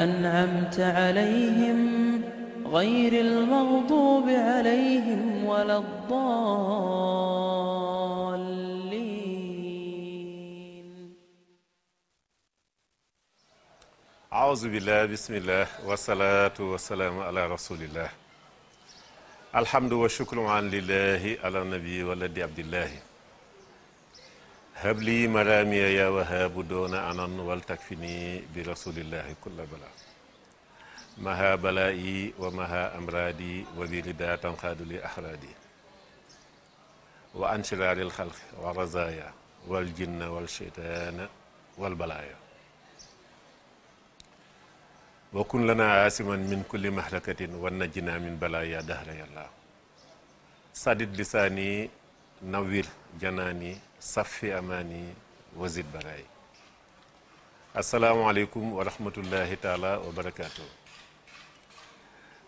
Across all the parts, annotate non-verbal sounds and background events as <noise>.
أنعمت عليهم غير المغضوب عليهم ولا الضالين أعوذ بالله بسم الله والصلاة والسلام على رسول الله الحمد والشكر عن لله على النبي والذي عبد الله habli madaamiya yaa wahaabu doona anan wal takfini bi rasulillahi kulla bala maha balaa'i wa maha amraadi wa bi rida tanqaadu li ahraadi wa an shiraari alxalq wa razaaya wal jinna wal sheytaana wal balaaya wa kun lana aasiman min kulli mahlakatin wa najjina min balaaya dahra yàlla sadid lisaani nawwir janaani safi amaani wasid baraay asalaamaaleykum wa rahmatullahi taala wa barakaatu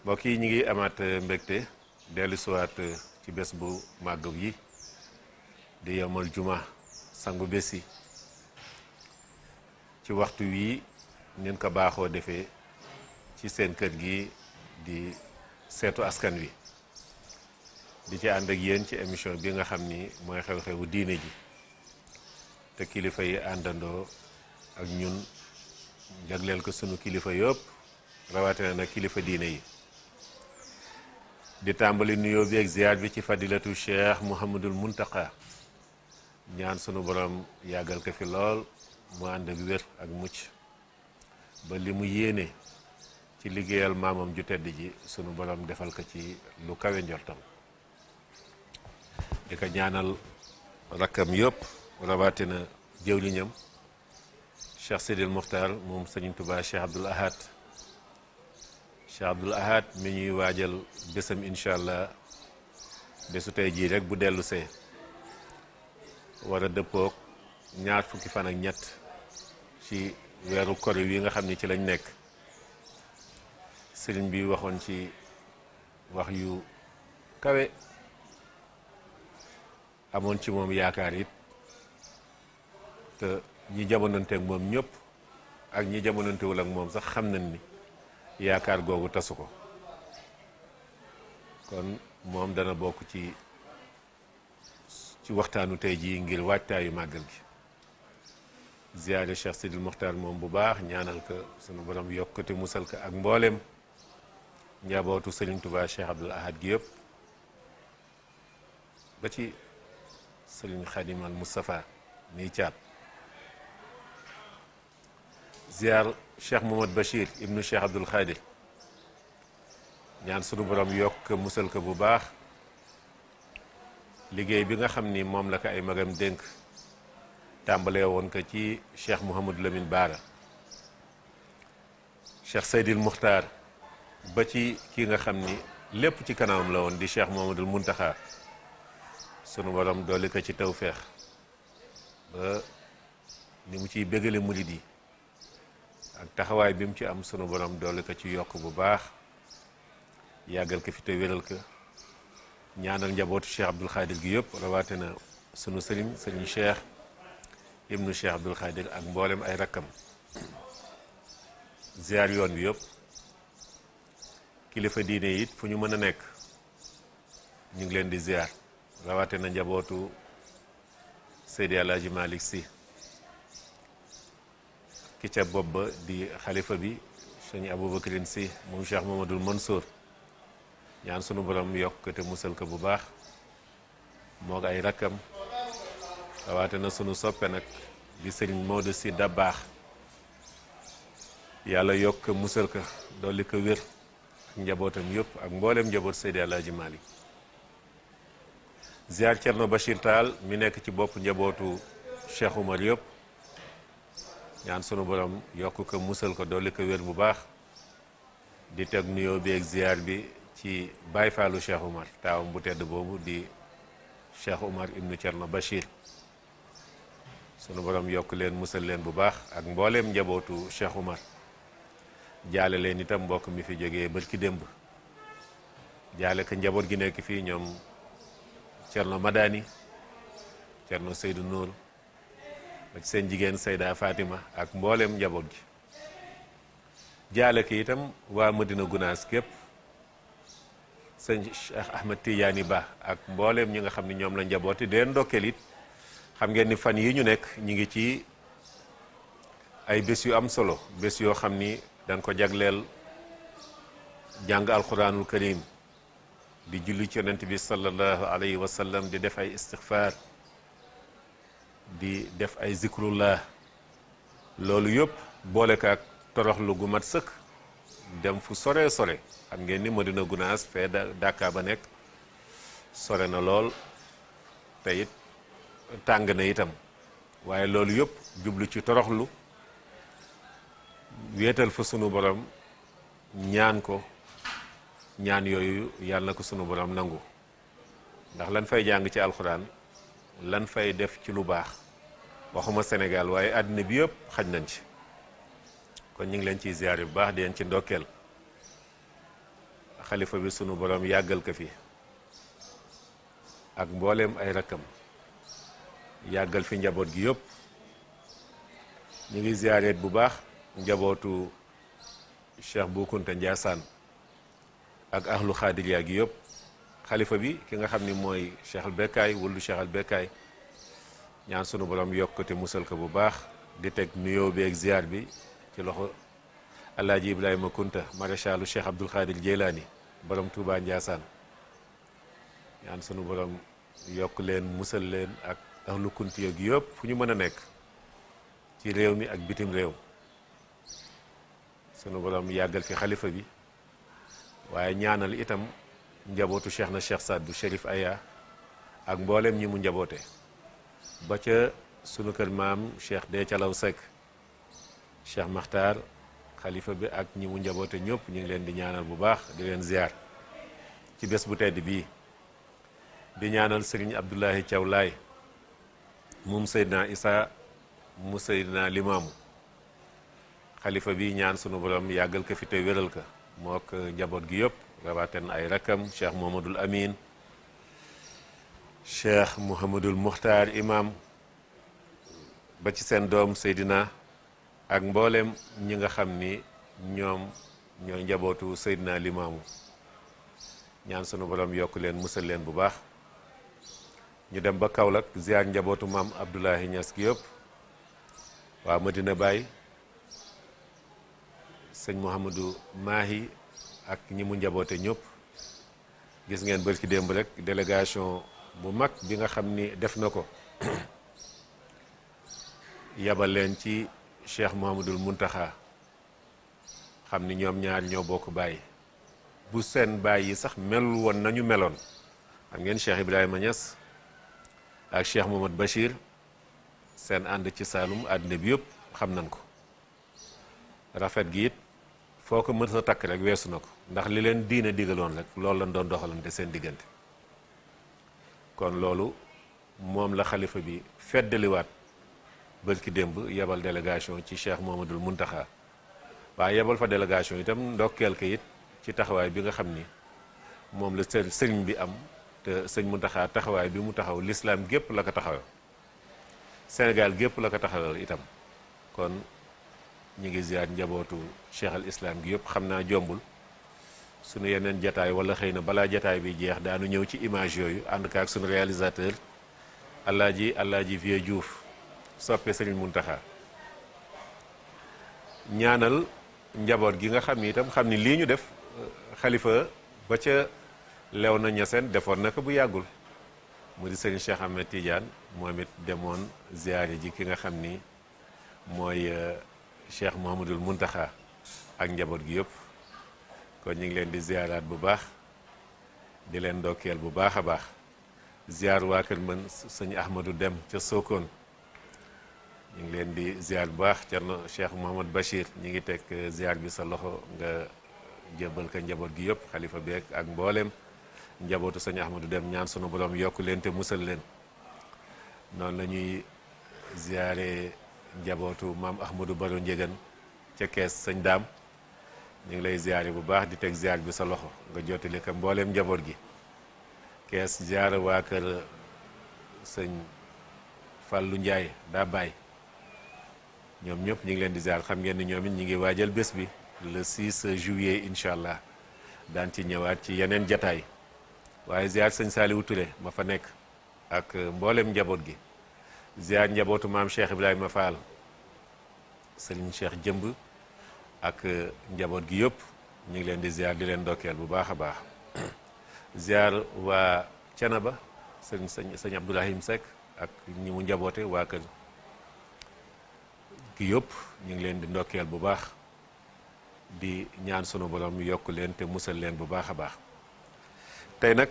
mbokk yi ñu ngi amaat euh, mbégte dellu euh, ci bés bu màgg yi di yomal juma sangu bés yi ci waxtu wii ñun ko baaxoo defee ci seen kër gi di seetu askan wi di ci ànd ak yéen ci émission bi nga xam ni mooy xew-xewu diine ji te kilifa yi àndandoo ak ñun jagleel ko sunu kilifa yëpp rawatina nag kilifa diine yi di tàmbali nuyoo bi ak ziyaar bi ci fadilatu cheikh mouhamadul muntaka ñaan sunu borom yàggal ko fi lool mu ànd ak wér ak mucc ba li mu yéene ci liggéeyal maamam ju tedd ji sunu borom defal ko ci lu kawe njortam di ko ñaanal rakkam yëpp rawatina jëwliñam Cheikh Sidil Muxtaar moom sëriñ tubaa Cheikh Abdoul Ahad Cheikh Abdoul Ahad mi ñuy waajal bésam incha bésu tey jii rek bu dellu see war a dëppoog ñaar fukki fan ñett ci weeru kori wi nga xam ni ci lañ nekk sëriñ bi waxoon ci wax yu kawe amoon ci moom yaakaar it te ñi jamonante moom ñëpp ak ñi jamonantewul ak moom sax xam nañ ni yaakaar googu tasu ko kon moom dana bokk ci ci waxtaanu tey jii ngir waajtaayu màggal gi ziyaare Cheikh Sidil Mokhtar moom bu baax ñaanal ko sunu borom yokkute musal ko ak mbooleem njabootu Serigne Touba Cheikh Abdoul Ahad gi yëpp sëriñ xadimal Moustapha mii caat ziar cheikh Mohamad Bachir ibnu cheikh Abdoul Khadir ñaan sunu borom yokk musal ko bu baax liggéey bi nga xam ni moom la ko ay magam dénk tàmbalee woon ko ci cheikh Mouhamadou Lamine Baara cheikh Seydil Muxtaar ba ci ki nga xam ni lépp ci kanamam la woon di cheikh Mouhamadul Muntaxa sunu borom dooli ko ci tawféex ba ni mu ciy bégale murid yi ak taxawaay bi mu ci am sunu borom dooli ko ci yokk bu baax yàggal ko fi te wéral ko ñaanal njabootu Cheikh Abdoul Khadir gi yëpp na sunu sëriñ sëriñ Cheikh ibnu Cheikh Abdoul Khadir ak mbooleem ay rakkam ziar yoon bi yëpp kilifa diine it fu ñu mën a nekk ñu ngi leen di ziar. rawaate na njabootu Seydi Alaaji Malick ki ca bopp ba di xalifa bi sëñ Aboubacrine si moom Cheikh mën Mansour ñaan sunu borom yokk te musal ko bu baax moo ay rakkam rawaate na sunu soppe nag di sëñ Maodo Sy baax yàlla yokk musal ko dolli ko wér ak njabootam yëpp ak mboolem njaboot Seydi Alaaji Malick ziar Thierno Bachir taal mi nekk ci bopp njabootu Cheikh Oumar yëpp ñaan sunu borom yokk ko musal ko dolli ko wér bu baax di teg nuyoo bi ak ziar bi ci Baye Fallou Cheikh Oumar taawam bu tedd boobu di Cheikh Oumar ibnu Thierno Bachir sunu borom yokk leen musal leen bu baax ak mbooleem njabootu Cheikh Oumar jaale leen itam mbokk mi fi jógee ki démb jaale ko njaboot gi nekk fii ñoom Cerno madaani Cerno Seydou Nour ak seen jigéen Seyda Fatima ak mbooleem njaboot gi jaale ki itam waa Madina Gunaas képp sëñ Cheikh Ahmed Tidiane Ba ak mbooleem ñi nga xam ne ñoom la njabooti deen ndokkeel it xam ngeen ni fan yi ñu nekk ñu ngi ci ay bés yu am solo bés yoo xam ni dañ ko jagleel jàng alxuraanul karim di julli ci yonent bi sallallahu alayhi wa sallam di def ay istixfaar di def ay zikrullah loolu yëpp boole ko ak toroxlu gu mat sëkk dem fu sore sore xam ngeen ni Madina Gunaas fee Dakar ba nekk sore na lool te tàng na itam waaye loolu yëpp jublu ci toroxlu wéetal fa sunu borom ñaan ko ñaan yooyu yàlla na ko sunu borom nangu ndax lan fay jàng ci alxuraan lan fay def ci lu baax waxuma Sénégal waaye àddina bi yëpp xaj nañ ci kon ñu ngi leen ciy ziyaare bu baax di leen ci ndokkeel xalifa bi sunu borom yàggal ko fi ak mbooleem ay rakkam yàggal fi njaboot gi yëpp ñu ngi ziyaareet bu baax njabootu Cheikh Bou Kounta ak ahlu xaadiriya gi yëpp xalifa bi ki nga xam ni mooy Cheikh al Bekkaay wullu Cheikh al Bekkaay ñaan sunu borom yokk te musal ko bu baax di teg nuyoo bi ak ziar bi ci loxo Alaaji Ibrahima Kunta maréchalu Cheikh Abdoul Xaadir Jeylaani borom Touba Ndiassane ñaan sunu borom yokk leen musal leen ak ahlu kunti yoog yëpp fu ñu mën a nekk ci réew mi ak bitim réew sunu borom yàggal fi xalifa bi waaye ñaanal itam njabootu cheikh na cheikh Saad bu Cherif ak mbooleem ñi mu njaboote ba ca sunu kër maam cheikh Décalaw Seck cheikh Makhtar xalifa bi ak ñi mu njaboote ñëpp ñu ngi leen di ñaanal bu baax di leen ziar ci bés bu tedd bii di ñaanal sëriñ Abdullahi cewlaay Laay moom Seydina Isa mu Seydina Limaamu xalifa bi ñaan sunu borom yàggal ko fi te wéral ka mook njaboot gi yëpp rawaten ay rakam cheikh mohamadul amin cheikh mohamadul muxtaar imam ba ci seen doom seydina ak mbooleem ñi nga xam ni ñoom ñooy njabootu seydina limaamu ñaan sunu borom yokk leen musal leen bu baax ñu dem ba kaw Kaolack ziar njabootu maam Abdoulahi Niass gi yëpp waa Medina Baye sëñ Mouhamadou Mahi ak ñi mu njaboote ñëpp gis ngeen ci démb rek délégation bu mag bi nga xam ni def na ko <coughs> yabal leen ci Cheikh Mouhamadul Muntaxa xam ni ñoom ñaar ñoo bokk bàyyi bu seen bàyyi sax melul woon nañu meloon xam ngeen Cheikh Ibrahima Niass ak Cheikh Mohamad Bachir seen ànd ci Saalum àddina bi yëpp xam nañ ko rafet gi it foo ko mën sa takk rek weesu na ko ndax li leen diine digaloon rek loolu lañ doon doxalante seen diggante kon loolu moom la xalifa bi feddaliwaat bërki démb yebal délégation ci Cheikh Mouhamadoul Mountakha waaye yebal fa délégation itam ndokkeel ko it ci taxawaay bi nga xam ni moom la së sëriñ bi am te sëñ Mountakha taxawaay bi mu taxaw lislaam gépp la ko taxawal Sénégal gépp la ko taxawal itam kon ñu ngi ziar njabootu cheikh al islam gi yëpp xam naa jombul suñu yeneen jataay wala xëy na balaa jataay bi jeex daanu ñëw ci image yooyu ànd ka ak suñu réalisateur alaaji alaaji Vieux Diouf soppe sëriñ Muntaxa ñaanal njaboot gi nga xam ni itam xam ni lii ñu def xalifa ba ca lew na ñaseen defoon naka bu yàggul mu di sëriñ Cheikh Ahmed Tidiane moom it demoon ziyaare ji ki nga xam ni mooy Cheikh Mouhamadul Muntaxa ak njaboot gi yëpp kon ñu ngi leen di ziaraat bu baax di leen ndokkeel bu baax a baax ziar waa kër man sëñ Ahmadou Dem ca sookoon ñu ngi leen di ziar bu baax Cerno Cheikh Mouhamad Bachir ñu ngi teg eh, ziar bi sa loxo nga jébbal ko njaboot gi yëpp xalifa beeg ak mbooleem njabootu sëñ Ahmadou Dem ñaan suñu borom yokk leen te musal leen noonu la ñuy njabootu maam Ahmadou Baro Njëgan ca kees sëñ daam ñu ngi lay ziare bu baax di teg ziar bi sa loxo nga jottali ko mbooleem njaboot gi kees ziar waa kër sëñ Fàllu Njaay daa bàyyi ñoom ñëpp ñu ngi leen di ziar xam ngeen ni ñoom it ñu ngi waajal bés bi le 6 juillet incha allah daan ci ñëwaat ci yeneen jataay waaye ziar sëñ Saliou Touré ma fa nekk ak mboolem njaboot gi ziar njabootu maam Cheikh Ibrahima Fall Serigne Cheikh Jëmb ak euh, njaboot gi yëpp ñu ngi leen di ziar di leen ndokkeel bu baax a baax <coughs> ziar waa ba sëñ sëñ Abdourahim Seck ak ñi mu njaboote waa kër gi yëpp ñu ngi leen di ndokkeel bu baax di ñaan sunu borom yokk leen te musal leen bu baax a baax tey nag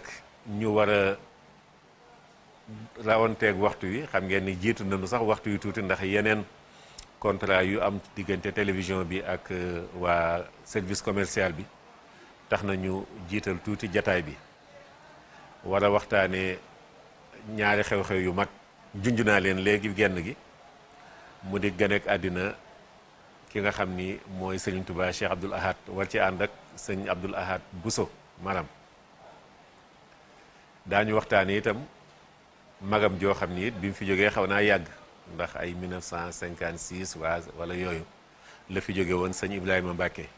ñu wara a rawanteeg waxtu yi xam ngeen ni jiitu nañu sax waxtu yu tuuti ndax yeneen. contrat yu am diggante télévision bi ak euh, waa service commercial bi tax na ñu jiital tuuti jataay bi war a waxtaanee ñaari xew-xew yu mag junj naa leen léegi genn gi mu di ganeek àddina ki nga xam ni mooy sëriñ tubaa Cheikh Abdoul Ahad war ci ànd ak sëñ Abdoul Ahad Bousso maanaam daañu waxtaanee itam magam joo xam ni it bi mu fi jógee xaw naa yàgg. ndax ay 1956 waa wala yooyu la fi jóge woon sëñ Ibrahima Mbacke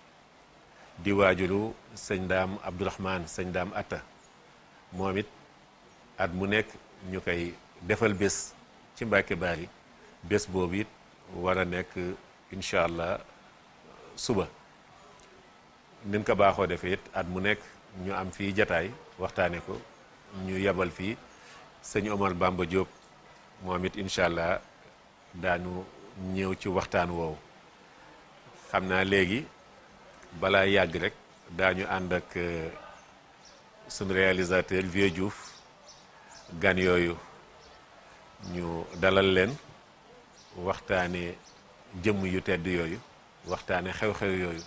di waajuru sëñ daam Abdourahmane sëñ daam Atta moom it at mu nekk ñu koy defal bés ci Mbacke Bari bés boobu it war a nekk incha allah suba nin ko baaxoo defee it at mu nekk ñu am fii jataay waxtaane ko ñu yebal fii sëñ Omar Bamba Diop moom it incha allah daanu ñëw ci waxtaan woowu xam naa léegi balaa yàgg rek daañu ànd ak euh, suñu réalisateur Vieux Diouf gan yooyu ñu dalal leen waxtaane jëmm yu tedd yooyu waxtaane xew-xew yooyu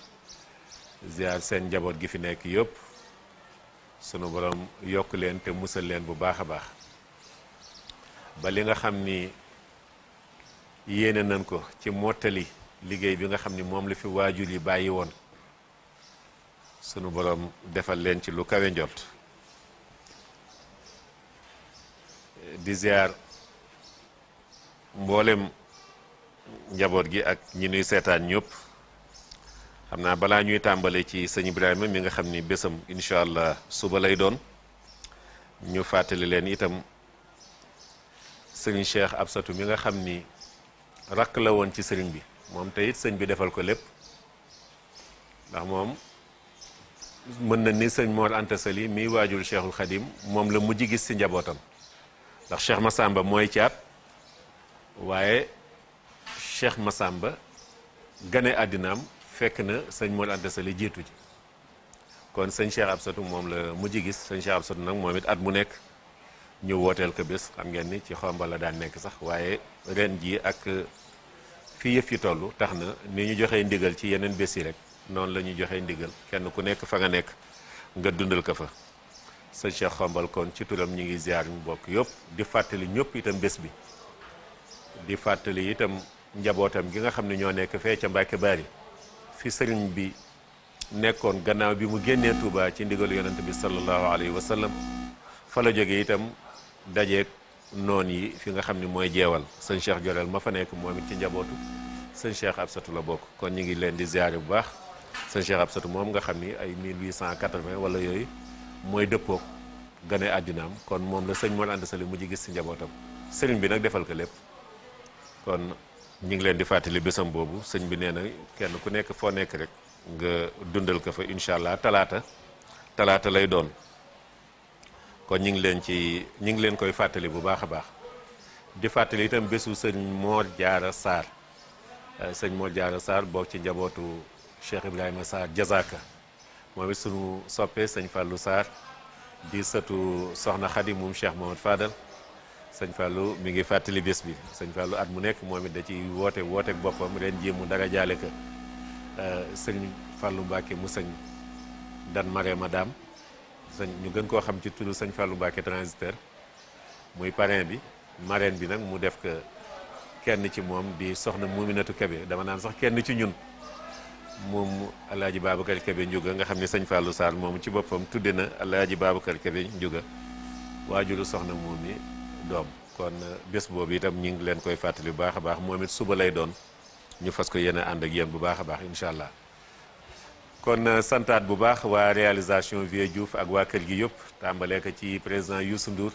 ziar seen njaboot gi fi nekk yëpp sunu borom yokk leen te musal leen bu baax a baax ba nga xam ni yéene nañ ko ci mottali liggéey bi nga xam ni moom la fi waajur yi bàyyi woon sunu boroom defal leen ci lu kawe njort di ziar mboolem njaboot gi ak ñi nuy seetaan ñëpp xam naa balaa ñuy tàmbale ci sëñ Ibrahima mi nga xam ni bésam incha allah suba lay doon ñu fàttali leen itam sëñ Cheikh Absatu mi nga xam ni rakk la woon ci sëriñ bi moom tey it sëñ bi defal ko lépp ndax moom mën na ni sëñ Mor Anta Sali mii waajur Cheikhul Khadim moom la mujj gis ci njabootam ndax Cheikh Massamba mooy caat waaye Cheikh Massamba gane àddinaam fekk na sëñ Mor Anta Sali jiitu ji kon sëñ Cheikh Absatou moom la mujj gis sëñ Cheikh Absatou nag moom it at mu nekk ñu wooteel ko bés xam ngeen ni ci xomba la daan nekk sax waaye ren jii ak euh, fi yëf yi toll tax na ni ñu joxee ndigal ci yeneen bés yi rek noonu la ñuy joxee ndigal kenn ku nekk fa nga nekk nga dundal ko fa sëñ Cheikh Xombal kon ci turam ñu ngi ziar ñu bokk yépp di fàttali ñëpp itam bés bi di fàttali itam njabootam gi nga xam ne ñoo nekk fee ca baar yi fi sëriñ bi nekkoon gannaaw bi mu génnee Touba ci ndigalu yonent bi sallallahu alayhi wa fa la jógee itam dajeeg noon yi fi nga xam ni mooy jeewal sëñ Cheikh Jorel ma fa nekk moom it ci njabootu sëñ Cheikh Absatu la bokk kon ñu ngi leen di ziare bu baax sëñ Cheikh Absatu moom nga xam ni ay cent quatre 1880 wala yooyu mooy dëppook gane àddinaam kon moom la sëñ Mor Anta Sali mujj gis ci njabootam sëriñ bi nag defal ko lépp kon ñu ngi leen di fàttali bésam boobu sëñ bi nee na kenn ku nekk foo nekk rek nga dundal ko fa incha allah talaata talaata lay doon. kon ñu ngi leen ci ñu ngi leen koy fàttali bu baax a baax di fàttali itam bésu sëñ Mor Jaara saar euh, sëñ Mor Jaara saar bokk ci njabootu Cheikh Ibrahima Sarr Jazaka moom it sunu soppee sëñ fàllu Sarr di sëtu soxna Xadi moom Cheikh Mohamad Fadal sëñ Fallou mu ngi fàttali bés bi sëñ Fallou at mu nekk moom it da ci woote wooteek boppam ren jii mu dara jaale ka euh, sëñ Fallou Mbacke mu sëñ dan mare madame sëñ ñu gën koo xam ci turu sëñ Fallou Mbacké transitaire muy parrain bi marraine bi nag mu def ko kenn ci moom di soxna Mouminatou Kébé dama naan sax kenn ci ñun moom alaaji Babacar Kébé Ndiouga nga xam ne sëñ Fallou saar moom ci boppam tudde na alaaji Babacar Kébé waa waajuru soxna Moumi doom kon uh, bés boobu itam ñu ngi leen koy fàttali bu baax a baax moom it suba lay doon ñu fas ko yéene ànd ak yéen bu baax a baax incha allah kon euh, santaat bu baax waa réalisation Vieux Diouf ak waa kër gi yëpp tàmbalee ko ci président yu Ndour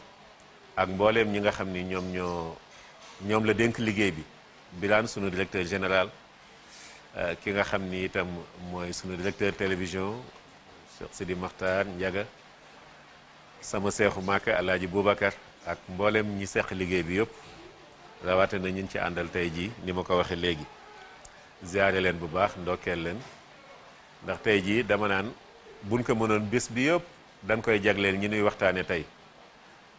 ak mbooleem ñi nga xam ni ñoom ñoo ñoom la dénk liggéey bi Birane sunu directeur général euh, ki nga xam ni itam mooy sunu directeur télévision Cheikh Sidi Makhtar Ndiaga sama seexu màkk Alaaji Boubacar ak mbooleem ñi seq liggéey bi yëpp rawaate na ñun ci àndal tey jii ni ma ko waxee léegi ziare leen bu baax ndokkeel leen ndax tey jii dama naan buñ ko mënoon bés bi yëpp dañ koy jagleel ñi nuy waxtaane tey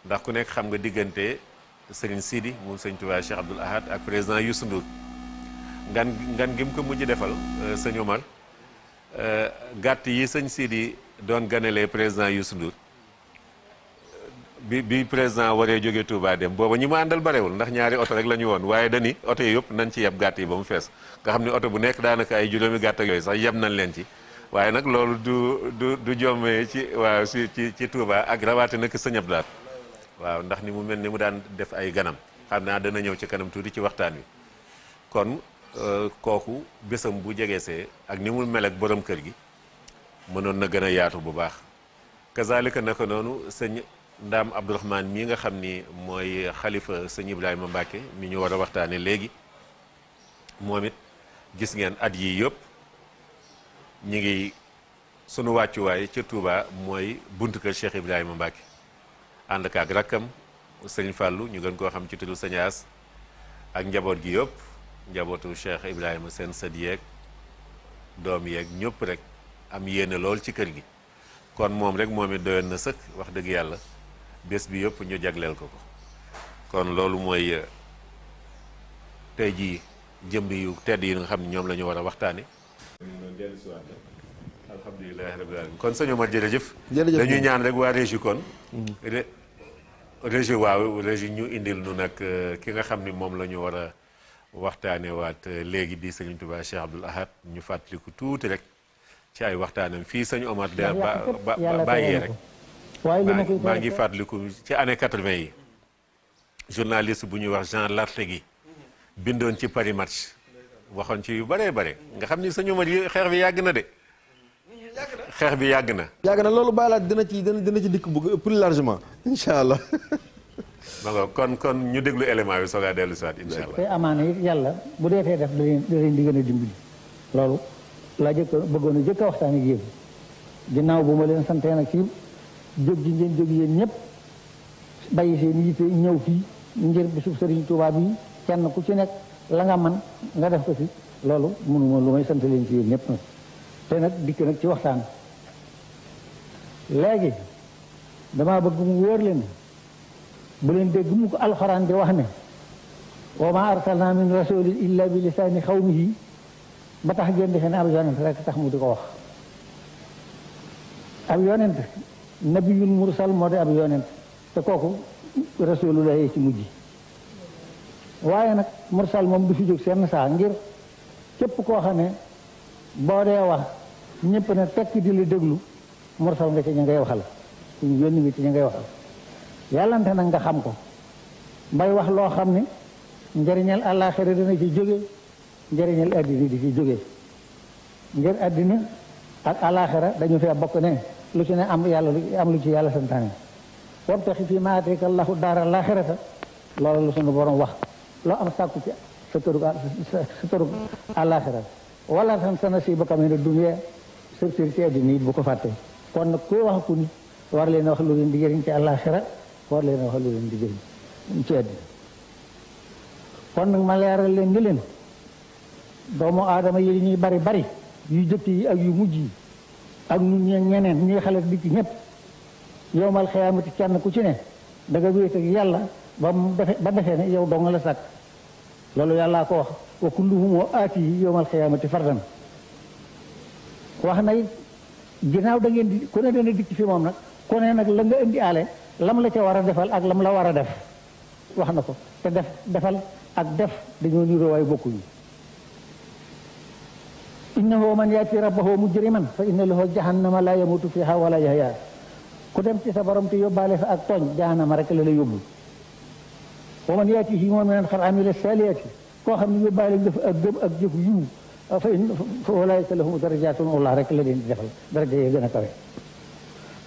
ndax ku nekk xam nga diggante sëñ Sidi moom sëñ Touba Cheikh Abdoul Ahad ak président yu Ndour ngan ngan gi mu ko mujj defal euh, sëñ Omar euh, gàtt yi sëñ Sidi doon ganalee président yu Ndour bi bi président waree jógee Touba dem booba ñi mu àndal barewul ndax ñaari oto rek la ñu woon waaye dañi oto yi yëpp nañ ci yeb gàtt yi ba mu fees nga xam ni oto bu nekk daanaka ay juróomi gàtt ak yooyu sax yeb nañ leen ci waaye nag loolu du du du jommee ci waaw si ci ci Touba ak rawaate nag sëñab daal waaw ndax ni mu mel ni mu daan def ay ganam xam naa dana ñëw ci kanam tuuti ci waxtaan wi kon euh, kooku bésam bu jegeesee ak ni mu mel boroom kër gi mënoon na gën a yaatu bu baax noonu sëñ Ndaam Abdourahmane mii nga xam ni mooy xalifa sëñ Ibrahima Mbacke mi ñu war a waxtaane léegi moom it gis ngeen at yii yëpp ñi ngi sunu wàccuwaay ca tuubaa mooy buntu kër Cheikh Ibrahima Mbacke ànd kaag rakkam sëñ Fallou ñu gën koo xam ci turu sañaas ak njaboot gi yëpp njabootu Cheikh Ibrahima seen sët yeeg doom yeeg ñëpp rek am yéene lool ci kër gi kon moom rek moom it doyoon na sëkk wax dëgg yàlla bés bi yëpp ñu jagleel ko ko kon loolu mooy euh, tey jii jëmb yu tedd yi nga xam ne ñoom la ñu war a waxtaane alhamdulilah rabbil kon sëñ Omar jërëjëf dañuy ñaan rek waa régie kon mm-hmm. régie waaw ñu indil nu nag euh, ki nga xam ni moom la ñu war a waxtaane waat euh, léegi di sëñ Touba Cheikh Abdoul Ahad ñu fàttaliku tuuti rek ci ay waxtaanam fii sëñ Omar de bàyyee rek waaye li ma koy maa ngi fàttaliku ci année quatre-vingt yi journaliste bu ñuy wax Jean gi bindoon ci Paris Match waxoon ci yu bëree bëri nga xam ni sëñ Omar yi xeex bi yàgg na de. xeex bi yàgg na. yàgg na loolu bàyyi laa dina ci ci dikk bu plus largement incha allah. ba <laughs> kon kon ñu déglu élément bi soogaa dellu soit incha allah. te yàlla bu dee tee def da di gën a dimbali. loolu laa jëkk bëggoon a waxtaan ak yéen ginnaaw bu ma leen santee nag jóg gi ngeen jóg yéen ñëpp bay seen yitte ñëw fii ngir bisub sëriñ Tuubaa bi kenn ku ci nekk la nga man nga def ko fi loolu mënuma lu may sant leen ci yéen ñëpp nag te nag dikk nag ci waxtaan léegi damaa bëgg mu wóor leen bu leen dégg mu ko alxuraan di wax ne wa ma arsalna min rasulin illa bi lisaani xawmihi ba tax ngeen defe ne ab yonent rek tax mu di ko wax ab yonent nabiyul mursal moo di ab yonent te kooku rasulullah yi ci mujj waaye nag mursal moom du fi jóg seen saa ngir képp koo xam ne boo dee wax ñëpp ne tekk di la déglu mursal nga ci ñu ngay waxal suñu yónni ci ñu ngay waxal yàllante nag nga xam ko mbay wax loo xam ni njëriñal àllaaxira dina ci jóge njëriñal àddina di ci jóge ngir àddina ak àllaaxira dañu fee bokk ne lu ci ne am yàlla am lu ci yàlla santaane wabtaxi fii maa aataaka allahu borom wax loo am sàkku ci sa tërug sa tërug àllaaxira wala tan sa nasiibaka mina dunya sécurité addina it bu ko fàtte kon nag kuy wax ku ni war leen wax lu leen di jëriñ ci ci addina kon nag ma leeral leen ni leen doomu aadama yi ñuy bari bari yu jëkk yi ak yu mujj yi ak ñu ñeneen ñuy xale bi ci ñëpp yowmal xiyaamati kenn ku ci ne da nga wéet yàlla ba mu defe defee ne yow doo dong la sàkk loolu yàllaa ko wax wa kulluhum wa aati yi yowmal xiyaamati fardan wax na ginnaaw da ngeen di ku ne dana dikk fi moom nag ku ne nag lan nga indi aale lam la ca war a defal ak lam la war a def wax na ko te def defal ak def dañoo niroo waaye bokkuñu innahu man yaati rabbahu mujriman fa inna lahu jahannama la yamutu fiha wala yahya ku dem ci sa borom te yóbbaale fa ak tooñ jahannama rek la la yóbbu wa man yaati si moom meneen xar amila saliati koo xam ne yóbbaale nga fa ak gëm ak jëf yiw fa fa walaayka lahum darajatun ullah rek la leen di defal daraja yi gën a kawe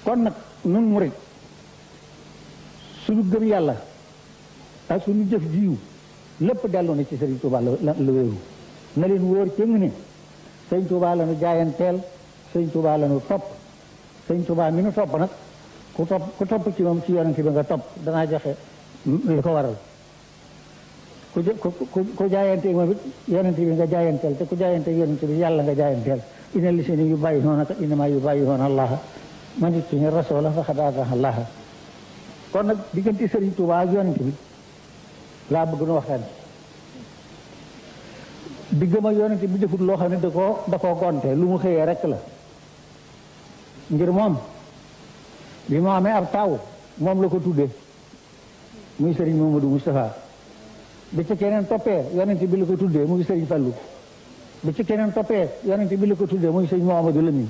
kon nag nun murit suñu gëm yàlla ak suñu jëf jiw lépp dellu na ci Sëriñ Tuubaa la la wéeru na leen wóor cëng ne sëñ Touba la nu jaayanteel sëñ Touba la nu topp sëñ Touba mi nu topp nag ku topp ku topp ci moom ci yonent bi nga topp danaa joxe li ko waral ku ku jaayante moom it yonent bi nga jaayanteel te ku jaayante yonent bi yàlla nga jaayanteel ina li seen yu bàyyi noona ka inama yu bàyyi noona allaha man it suñu rasoola fa xadaata allaha kon nag diggante sëriñ Touba ak yonent bi laa bëgg nu waxtaan di gëm a yonente bi defut loo xam ne da koo da koo gonte lu mu xëyee rek la ngir moom bi mu amee ab taw moom la ko tuddee muy sëriñ Mamadou Moustapha bi ci keneen toppee yonente bi la ko tuddee muy sëriñ Fallou bi ci keneen toppee yonente bi la ko tuddee muy sëriñ Mouhamadou Lamine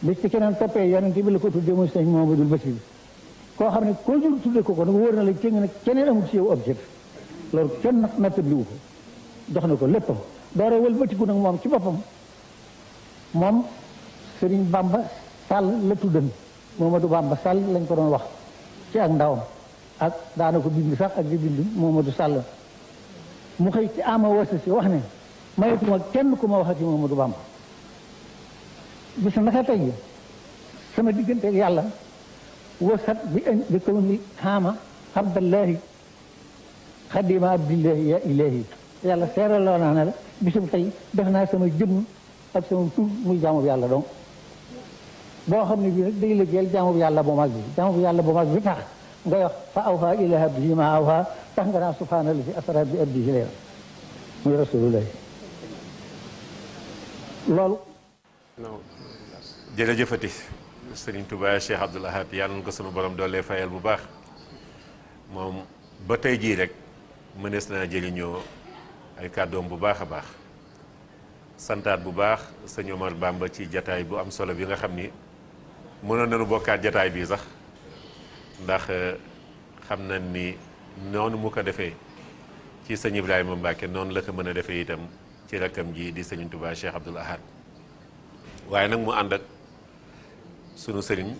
bi ci keneen toppee yonente bi la ko tuddee muy sëriñ Mouhamadou Bassir koo xam ne koo jur tuddee ko ko nag wóor na la kenn keneen amul ci yow objet loolu kenn nattabliwu ko dox na ko léppam doora wëlbatiku nag moom ci boppam moom Serigne Bamba Sall la tuddan Momadou Bamba Sall lañ ko doon wax ci ak ndaw ak daana ko bind sax ak di bind Momadou Sall mu xëy ci ama wasa si wax ne mayetuma kenn ku ma waxati Momadou Bamba gis naka tey sama diggante ak yàlla wasat bi bi kaw ni xaama abdallahi xadima abdillahi ya ilahi yàlla seeraloo naa la bisub tey def naa sama jëmm ak sama tur muy jaamu yàlla donc boo xam ne bii nag day liggéeyal yàlla bu mag bi jaamu yàlla bu mag bi tax nga fa awha ila abdihi ma awha tax nga naa subhaana la si asra bi abdihi lay muy rasulullah loolu. jërëjëfati Serigne Touba Cheikh Abdoul Ahad yàlla na ko sunu borom doolee fayal bu baax moom ba tey jii rek mënees naa jëriñoo. ay kàddoom bu baax a baax santaat bu baax sëñ Omar Bamba ci jataay bu am solo bi nga xam ni mënoon nañu bokkaat jataay bii sax ndax euh, xam na ni noonu mu ko defee ci sëñ Ibrahima Mbacke noonu la ko mën a defee itam ci rakkam ji di sëñ Touba Cheikh Abdoul Ahad waaye nag mu ànd ak sunu sëriñ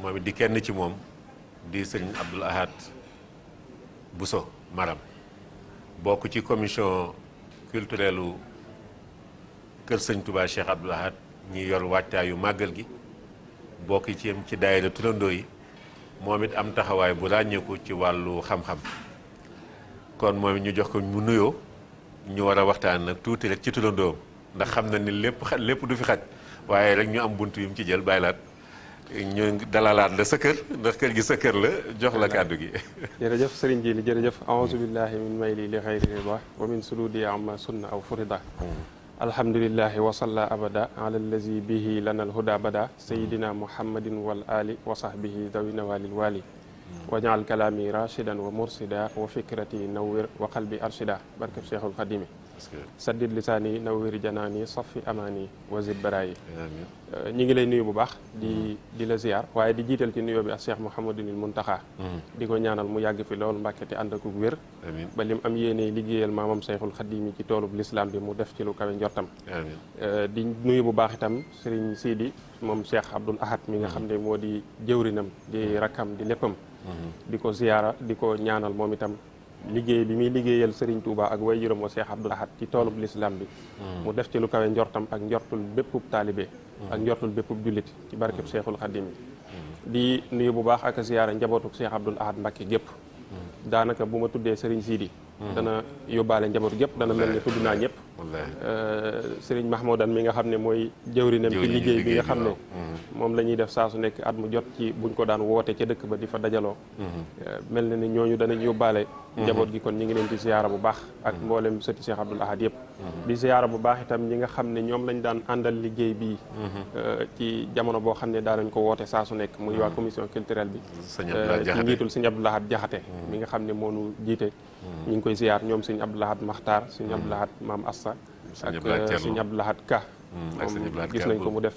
moom it di kenn ci moom di sëñ Abdoul bu so Maram bokk ci commission culturelu kër sëñ tubaay Cheikh Abdoul ñi yor wàccaayu màggal gi bokk ci yam ci daayira turandoo yi moom it am taxawaay bu ràññeeku ci wàllu xam-xam kon moom it ñu jox ko mu nuyoo ñu war a waxtaan nag tuuti rek ci turandoom ndax xam na ni lépp lépp du fi xaj waaye rek ñu am bunt yu mu ci jël bàyyi ñu dalalaat la sa kër ndax kër gi sa kër la jox la kàddu gi jërëjëf sëriñ ji li jërëjëf aouzu billahi min mayli li xayri riba wa min suludi amma sunna aw furida hmm. alhamdulillahi wa salla abada ala allazi bihi lana alhuda bada sayidina muhammadin wal ali wa sahbihi dawi nawalil wali wajaal hmm. kalaami rashidan wa mursida wa fikrati nawwir wa qalbi arshida barkab cheikhul xadimi saddid lisaani nawwir janaani safi amaani wazid baraayi euh, ñi ngi lay nuyu bu baax di di la ziar waaye di jiital ci nuyoo bi a ak Cheikh mun taxa hmm. di ko ñaanal mu yàgg fi loolu Mbàkke te ànd ak wér ba lim am yéene liggéeyal maamam Cheikhul Xadim yi ci toolub lislaam bi mu def ci lu kawe njortam euh, di nuyu bu baax itam Serigne Sidi moom Cheikh Abdoul Ahad mi nga hmm. xam ne moo di jëwrinam di hmm. rakkam di léppam di ko ziyaara di ko ñaanal moom itam liggéey bi muy liggéeyal Serigne Touba ak way juróom wa Cheikh Abdoul Ahad ci toolub lislaam bi hmm. mu def ci lu kawe njortam ak njortul béppub taalibe hmm. ak njortul bépp jullit ci barkeb hmm. Cheikhul Khadim bi di nuyu bu baax ak ziyaara njabootuk seexab Abdoul Ahad Mbacké gépp daanaka bu ma tuddee Serigne Sidi. Hmm. dana yóbbaale njaboot gépp dana mel ni tudd naa ñëpp. Euh, Serigne Mahmoudan mi nga xam ne mooy jëwrinam ci liggéey bi nga xam ne hmm. moom la ñuy def saa su nekk at mu jot ci bu ñu ko daan woote ca dëkk ba di fa dajaloo hmm. euh, mel na ni ñooñu danañ yóbbaale njaboot gi kon ñu ngi leen di siyaara bu baax ak mboolem sëti Cheikh Abdoul Ahad yëpp di siyaara bu baax itam ñi nga xam ne ñoom lañ daan àndal liggéey bii euh, ci jamono boo xam ne daanañ ko woote saa su nekk muy waa commission bi ci njiitul Serigne Abdoul Jaxate xam ne moo nu jiite. ñu ngi koy ziar ñoom suñ ab laxaat Makhtar suñ Abdou Lahad maam mm. Assa. ak suñu euh, Abdou Lahad Ka. Mm. ak gis nañ ko mu def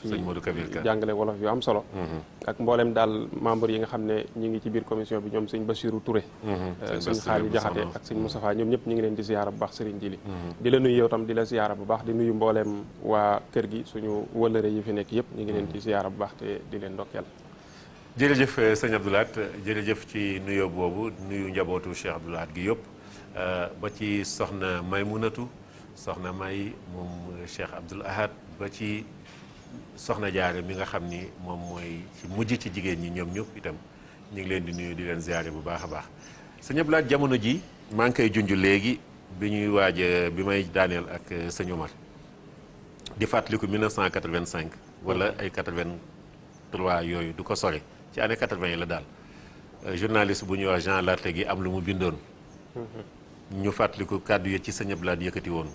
jàngale wolof yu am solo mm-hmm. ak mboolem daal membre yi nga xam ne ñu ngi ci biir commission bi ñoom suñ sëñ Bassirou Touré sëñ Xaali Jaxate ak sëñ Moustapha ñoom ñëpp ñu ngi leen di ziyaara bu baax sëriñ Jili mm-hmm. di la nuyu yow tam di la ziyaara bu baax di nuyu mbooleem waa kër gi suñu wëlëre yi fi nekk yëpp ñu ngi leen di mm-hmm. ziyaara bu baax te di leen ndokkeel jërëjëf euh, sëñ Abdou jërëjëf ci nuyoo boobu nuyu njabootu Cheikh Abdou Lahad gi yëpp euh, ba ci soxna may Maymunatu soxna May moom Cheikh Abdoul Ahad ba ci soxna jaare mi nga xam ni moom mooy ci mujj ci jigéen ñi ñoom ñëpp itam ñu ngi leen di nuyu di leen ziare bu baax a baax sëñ Abdou jamono ji maa ngi koy junj léegi bi ñuy waaj bi may daaneel ak euh, sëñ Omar di fàttaliku 1985 wala ay 83 yooyu du ko sore ci année 80 yi la daal euh, journaliste bu ñuy wax Jean gi am lu mu bindoon. ñu fàttaliku kàddu yi ci sëñ Abdou Lahad yëkkati woon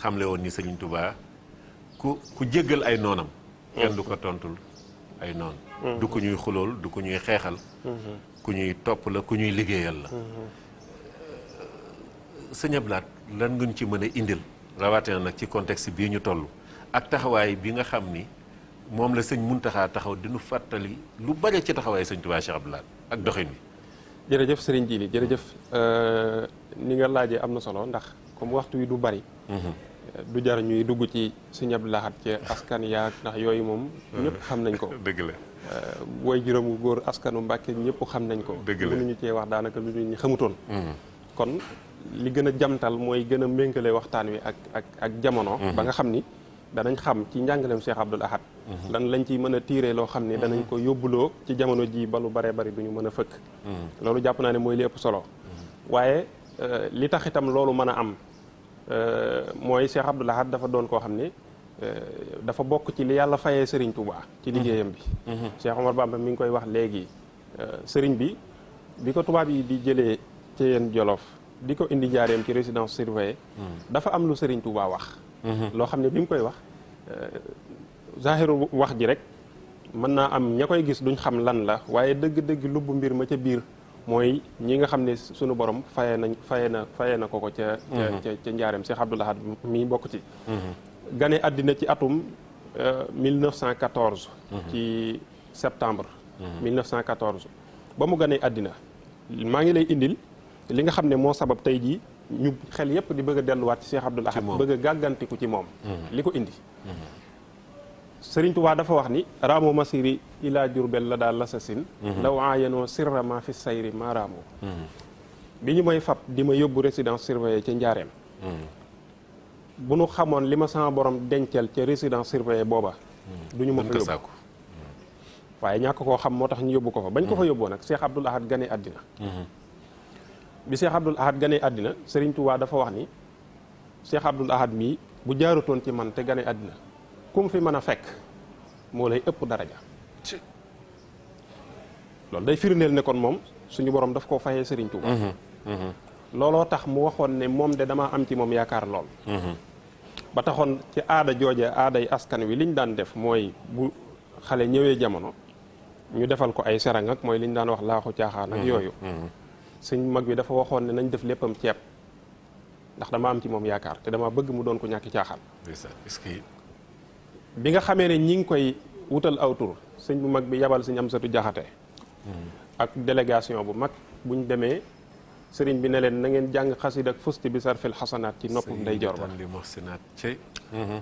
xamle woon ni sëñ Touba ku ku jéggal ay noonam. kenn du ko tontul ay noon. du ko ñuy xulool du ko ñuy xeexal. ku ñuy topp la ku ñuy liggéeyal la. Euh, sëñ Abdou Lahad lan ngeen ci mën a indil rawatina nag ci contexte bii ñu toll ak taxawaay bi nga xam ni. moom la sëñ Muntaxa taxaw di nu fàttali lu bare ci taxawaay sëñ Tuubaa Cheikh Abdoulaye ak doxin bi jërëjëf sëriñ Jili jërëjëf euh, ni nga laaje am na solo ndax comme waxtu wi du bari mhm. du jar ñuy dugg ci sëñ Abdou ci askan yaag ndax yooyu moom ñëpp xam nañ ko <laughs> dëgg la booy euh, juróom góor askanu Mbàkke ñëpp xam nañ ko dëgg la mënuñu cee wax daanaka lu ñu xamutoon mhm. kon li gën a jamtal mooy gën a méngale waxtaan wi ak ak ak jamono mhm. ba nga xam ni danañ xam ci njàngaleem Cheikh Abdoul Ahad mhm. lan lañ ci mën a tiire loo xam ne mhm. danañ ko yóbbuloo ci jamono ji ba lu baree bari du ñu mën a fëkk mhm. loolu jàpp naa ne mooy li ëpp solo waaye euh, li tax itam loolu mën a am euh, mooy Cheikh Abdoul dafa doon koo xam ne euh, dafa bokk ci li yàlla fayee Serigne Touba ci liggéeyam bi Cheikh Omar Bamba mi ngi koy wax léegi Serigne bi bi ko tubaab yi di jëlee ci yeen Jolof di ko indi jaareem ci résidence surveillée dafa am lu Serigne Touba wax Mhm. loo xam ne bi mu koy wax euh, zahiru wax ji rek mën naa am ña koy gis duñ xam lan la waaye dëgg-dëgg lubb mbir ma ca biir mooy ñi nga xam ne sunu borom fayee nañ faye na fayee na ko ko ca mhm. ca ca njaareem Cheikh Abdoul Ahad mi bokk ci mhm. gane àddina ci atum 1914 euh, ci septembre 1914 ba mu ganee àddina maa ngi lay indil te li nga xam ne moo sabab tey jii ñu xel yépp di bëgg delluwaat ci Cheikh Abdoul Ahad bëgg a gàggantiku ci moom mm-hmm. li ko indi mm-hmm. Sëriñ Tuubaa dafa wax ni mm-hmm. ma masiri ilaa benn la daal la sa sin law aayanoo sirrama fi sayri ma raamu bi ñu may fab di ma yóbbu résidence surveillée ci njaareem bu nu xamoon li ma sama borom dencal ca résidence surveillée booba du ñu ma fa yóbbu waaye ñàkk koo xam moo tax ñu yóbbu ko fa bañ ko fa yóbboo nag Cheikh Abdoul Ahad gane àddina bi Cheikh Abdoul Ahad ganee àddina Serigne Touba dafa wax ni Cheikh Abdoul Ahad mii bu jaaratoon ci man te ganee àddina kum fi mën a fekk moo lay ëpp daraja loolu day firndeel nekkoon moom suñu borom daf koo fayee Serigne Touba. Mhm, mhm. looloo tax mu waxoon ne moom de damaa am ci moom yaakaar lool. Mhm. ba taxoon ci aada jooje aaday askan wi liñ daan def mooy bu xale ñëwee jamono ñu defal ko ay serang ak mooy liñ daan wax laaxu caaxaan yooyu. suñ mag bi dafa waxoon ne nañ def léppam ceeb ndax dama am ci moom yaakaar te dama bëgg mu doon ko ñàkki caaxaan bi nga xamee ne ñi ngi koy wutal aw tur sëñ bu mag bi yabal sëñ Amsatu Jaxate hmm. ak délégation bu mag buñ demee sëriñ bi ne leen na ngeen jàng xasid ak fusti bi sarfil xasanaat ci nopp nday jor ba hmm.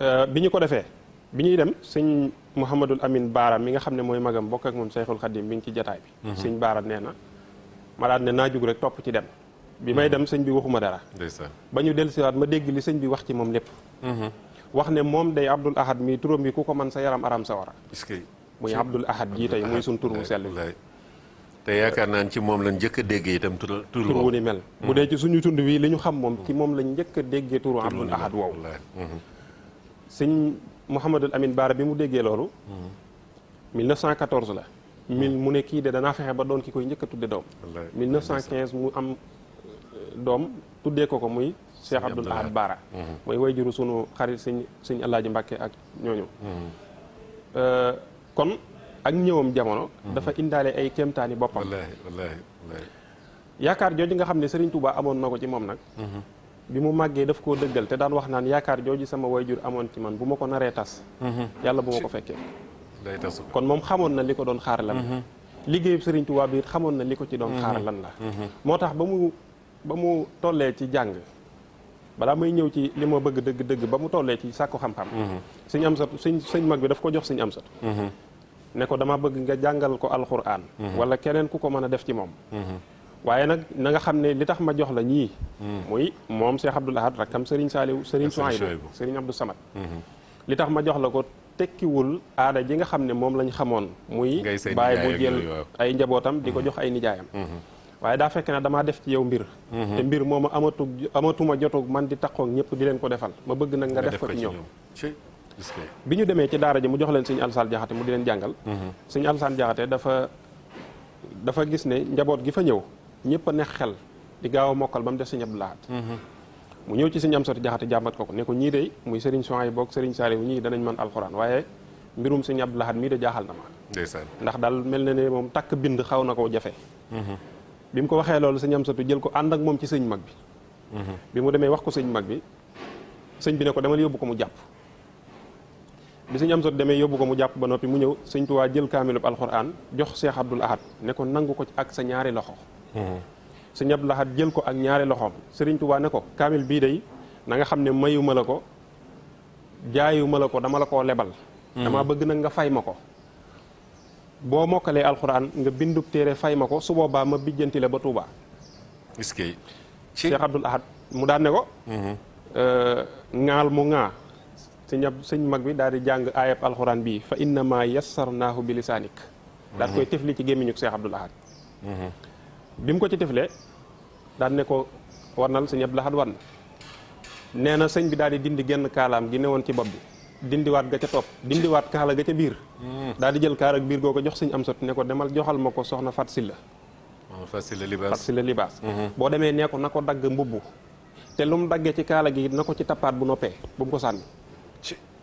euh, bi ñu ko defee bi ñuy dem sëñ Mouhamadul Amin Baara mi nga xam ne mooy magam bokk ak moom Seyxul Xadim mi ngi ci jataay bi hmm. sëñ Baara nee na ma daal ne naa jóg rek topp ci dem. bi may dem sëñ bi waxuma dara. ba ñu dellusiwaat ma dégg li sëñ bi wax ci moom lépp. Mm-hmm. wax ne moom day Abdul Ahad mii turam bi ku ko man sa yaram aram sa war a. muy Abdul Ahad jii tey muy suñ turu sell bi. te yaakaar naa ci moom lañ njëkk a déggee itam tur tur wu ni mel. Mm-hmm. bu dee ci suñu tund wi li ñu xam moom ci mm-hmm. moom lañ njëkk a déggee turu Abdul Ahad woowu. sëñ Mouhamadul Amin Baara bi mu déggee loolu. 1914 la. mille mu ne kii de danaa fexe ba doon ki koy njëkk a tudde doom 1915 mu am euh, doom tuddee ko ko muy Cheikh Abdoul Ahad Bara mhm. mooy way juru sunu xarit sëñ sëñ Alaaji Mbàkke ak ñooñu mhm. euh, kon ak ñëwam jamono mhm. dafa indaale ay kéemtaani boppam yaakaar jooju nga xam ne Serigne Touba amoon na ko ci moom nag bi mu màggee daf koo dëggal te daan wax naan yaakaar jooju sama way jur amoon ci man bu ma ko naree tas yàlla bu ma ko fekkee kon moom xamoon na li ko doon xaar lan la mhm. liggéeyu Sëriñ Tuubaa bi xamoon na li ko ci doon mhm. xaar lan la mhm. moo tax ba mu ba mu tollee ci jàng balaa may ñëw ci li ma bëgg dëgg dëgg ba mu tollee ci sàkku xam-xam sëñ amsatu sëñ sëñ mag bi daf ko jox sëñ amsatu ne ko dama bëgg nga jàngal ko alxuraan wala keneen ku ko mën a def ci moom waaye nag na nga xam ne li tax ma jox la ñii muy moom Cheikh Abdoul Ahad rakkam sëriñ Saaliw sëriñ Souhaïbou sëriñ Abdou Samad li tax ma jox la tekkiwul aada ji nga xam ne moom lañ xamoon muy bàyyi bu jël ay njabootam di ko mm-hmm. jox ay nijaayam mm-hmm. waaye daa fekke na damaa def ci yow mbir mm-hmm. te mbir mooma amatu amatuma jotug man di taqoog ñëpp di leen ko defal ma bëgg nag nga def ko ci ñoom bi ñu demee ci daara ji mu jox leen sëñ alsaan jaxate mu di leen jàngal sëñ alsaan jaxate dafa dafa gis ne njaboot gi fa ñëw ñëpp a neex xel di gaaw a mokkal ba mu def sëñ Abdou Lahad mu ñëw ci sëñ Amsatu Jaxate jàmbat ko ko ne ko ñii de muy Serigne Souhaïbou boog Serigne Saliou ñii danañ mën alxuraan waaye mbirum sëñ Abdou Lahad mii de jaaxal na ma ndax daal mel na ne moom takk bind xaw na koo jafe mhm. bi mu ko waxee loolu sëñ Amsatu jël ko ànd ak moom ci sëñ mag bi mhm. bi mu demee wax ko sëñ mag bi sëñ bi ne ko demal yóbbu ko mu jàpp bi sëñ Amsatu demee yóbbu ko mu jàpp ba noppi mu ñëw sëñtuwaa jël kaamilub alxuraan jox Cheikh Abdoul Ahad ne ko nangu ko ak sa ñaari loxo mhm. sëñ Abdou Lahad jël ko ak ñaari loxoom sëriñ Tuubaa ne ko kaamil bii day na nga xam ne mayuma la ko jaayuma la ko dama la koo lebal hmm. dama bëgg nag nga fay ma ko boo mokkalee alxuraan nga bindu téere fay ma ko su boobaa ma bijjanti la ba Tuubaa est-ce que Cheikh mu daan ne ko hmm. euh, ŋaal mu ŋaa sëñ mag bi daal di jàng aayab alxuraan bii fa innama yassarnaahu bi lisaanik hmm. daal koy tefli ci gémmiñu Cheikh Abdou Lahad bi mu ko ci teflee daan ne ko warnal sëñ Abdou Lahad war na nee na sëñ bi daa di dindi genn kaalaam gi woon ci bopp bi dindiwaat ga ca topp dindiwaat kaala ga ca biir hmm. daal di jël kaar ak biir googu jox sëñ am sot ne ko joxal ma ko soxna Fat Silla oh, Fat Silla libaas Fat Silla hmm. boo demee nee na ko dagg mbubb te lu mu daggee ci kaala gi na ko ci tappaat bu noppee bu ko sànni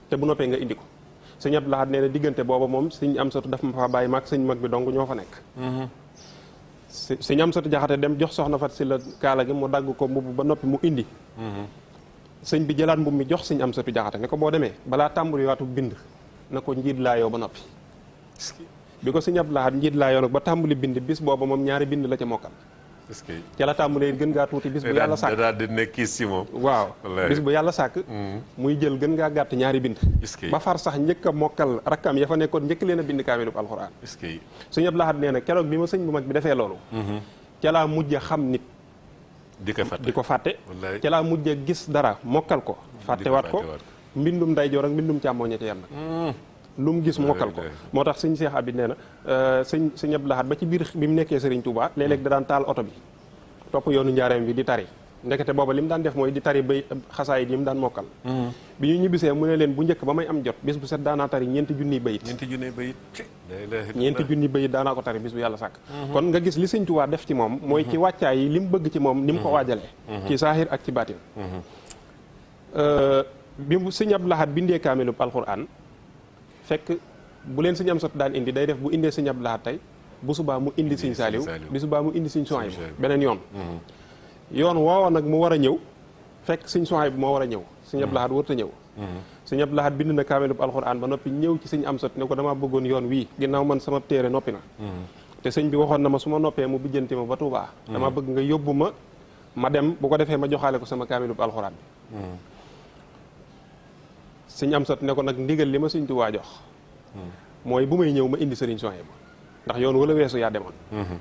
te bu noppee nga indi ko sëñ Abdou Lahad diggante booba moom sëñ am sot dafa ma fa bàyyi mag sëñ mag bi dong ñoo fa nekk hmm. si ñam sotti jaxate dem jox soxna fat si la kaala gi mu dagg ko mbubb ba noppi mu indi mhm. sëñ bi jëlaat mbubb mi jox sëñ am sotti jaxate ne ko boo demee balaa tàmbali waatu bind na ko njiit laayoo ba noppi bi ko sëñ Abdou Lahad njiit laayoo nag ba tàmbali bind bis booba moom ñaari bind la ci mokkal ca la tàmbalee gën ngaa tuuti bis bu yàlla sàkk da mm-hmm. muy jël gën ngaa gàtt ñaari bind ba far sax njëkk a mokkal rakkam ya fa nekkoon njëkk leen a bind kaamilub alxuraan suñu ab laxat nee na keroog bi ma sëñ bu mag bi defee loolu mm-hmm. ca laa mujj a xam nit di ko fàtte di ko fàtte ca laa mujj a gis dara mokkal ko fàttewaat ko mbindum ndeyjoor ak mbindum càmmooñ ca yam mm-hmm. nag lu mu gis mokkal ko moo tax sëñ Seex Abit nee na euh, sëñ sëñ Abdou ba ci biir bi mu nekkee seriñ Tuubaa léeg-léeg da daan taal oto bi topp yoonu njaareem bi di tari ndekete booba li mu daan def mooy di tari bay xasaayit yi mu daan mokkal mm-hmm. bi ñu ñibbisee mu ne leen bu njëkk ba may am jot bis bu set daanaa tari ñeenti junniy bayit ñeenti junniy bayit ñeenti junniy bayit daanaa ko tari bis bu yàlla sàkk mm-hmm. kon nga gis li sëñ Tuubaa def ci moom mooy ci mm-hmm. wàccaay yi li mu bëgg ci moom ni mu ko waajalee ci saahir ak ci baatin euh, bi mu sëñ Abdou Lahad bindee kaamilub alxuraan fekk bu leen sëñ am sot daan indi day def bu indee sëñ Abdou tey bu subaa mu indi sëñ Saaliw bu subaa mu indi sëñ Suhaybu beneen yoon mm-hmm. yoon woowa nag mu war a ñëw fekk sëñ Suhaybu moo war a ñëw sëñ Abdou mm-hmm. Lahad warut a ñëw mm-hmm. sëñ Abdou Lahad bind na kaamilub alxuraan ba noppi ñëw ci sëñ am sot ne ko damaa bëggoon yoon wii ginnaaw man sama téere noppi na te sëñ bi waxoon na ma su ma noppee mu bijjanti ma ba Tuubaa dama bëgg nga yóbbu ma ma dem bu ko defee ma joxaale ko sama kaamilub alxuraan sëñ am sot ne ko nag ndigal li ma sëñ waa jox mooy bu may ñëw ma indi sëriñ soxé ba ndax yoon wala weesu yaa demoon mhm.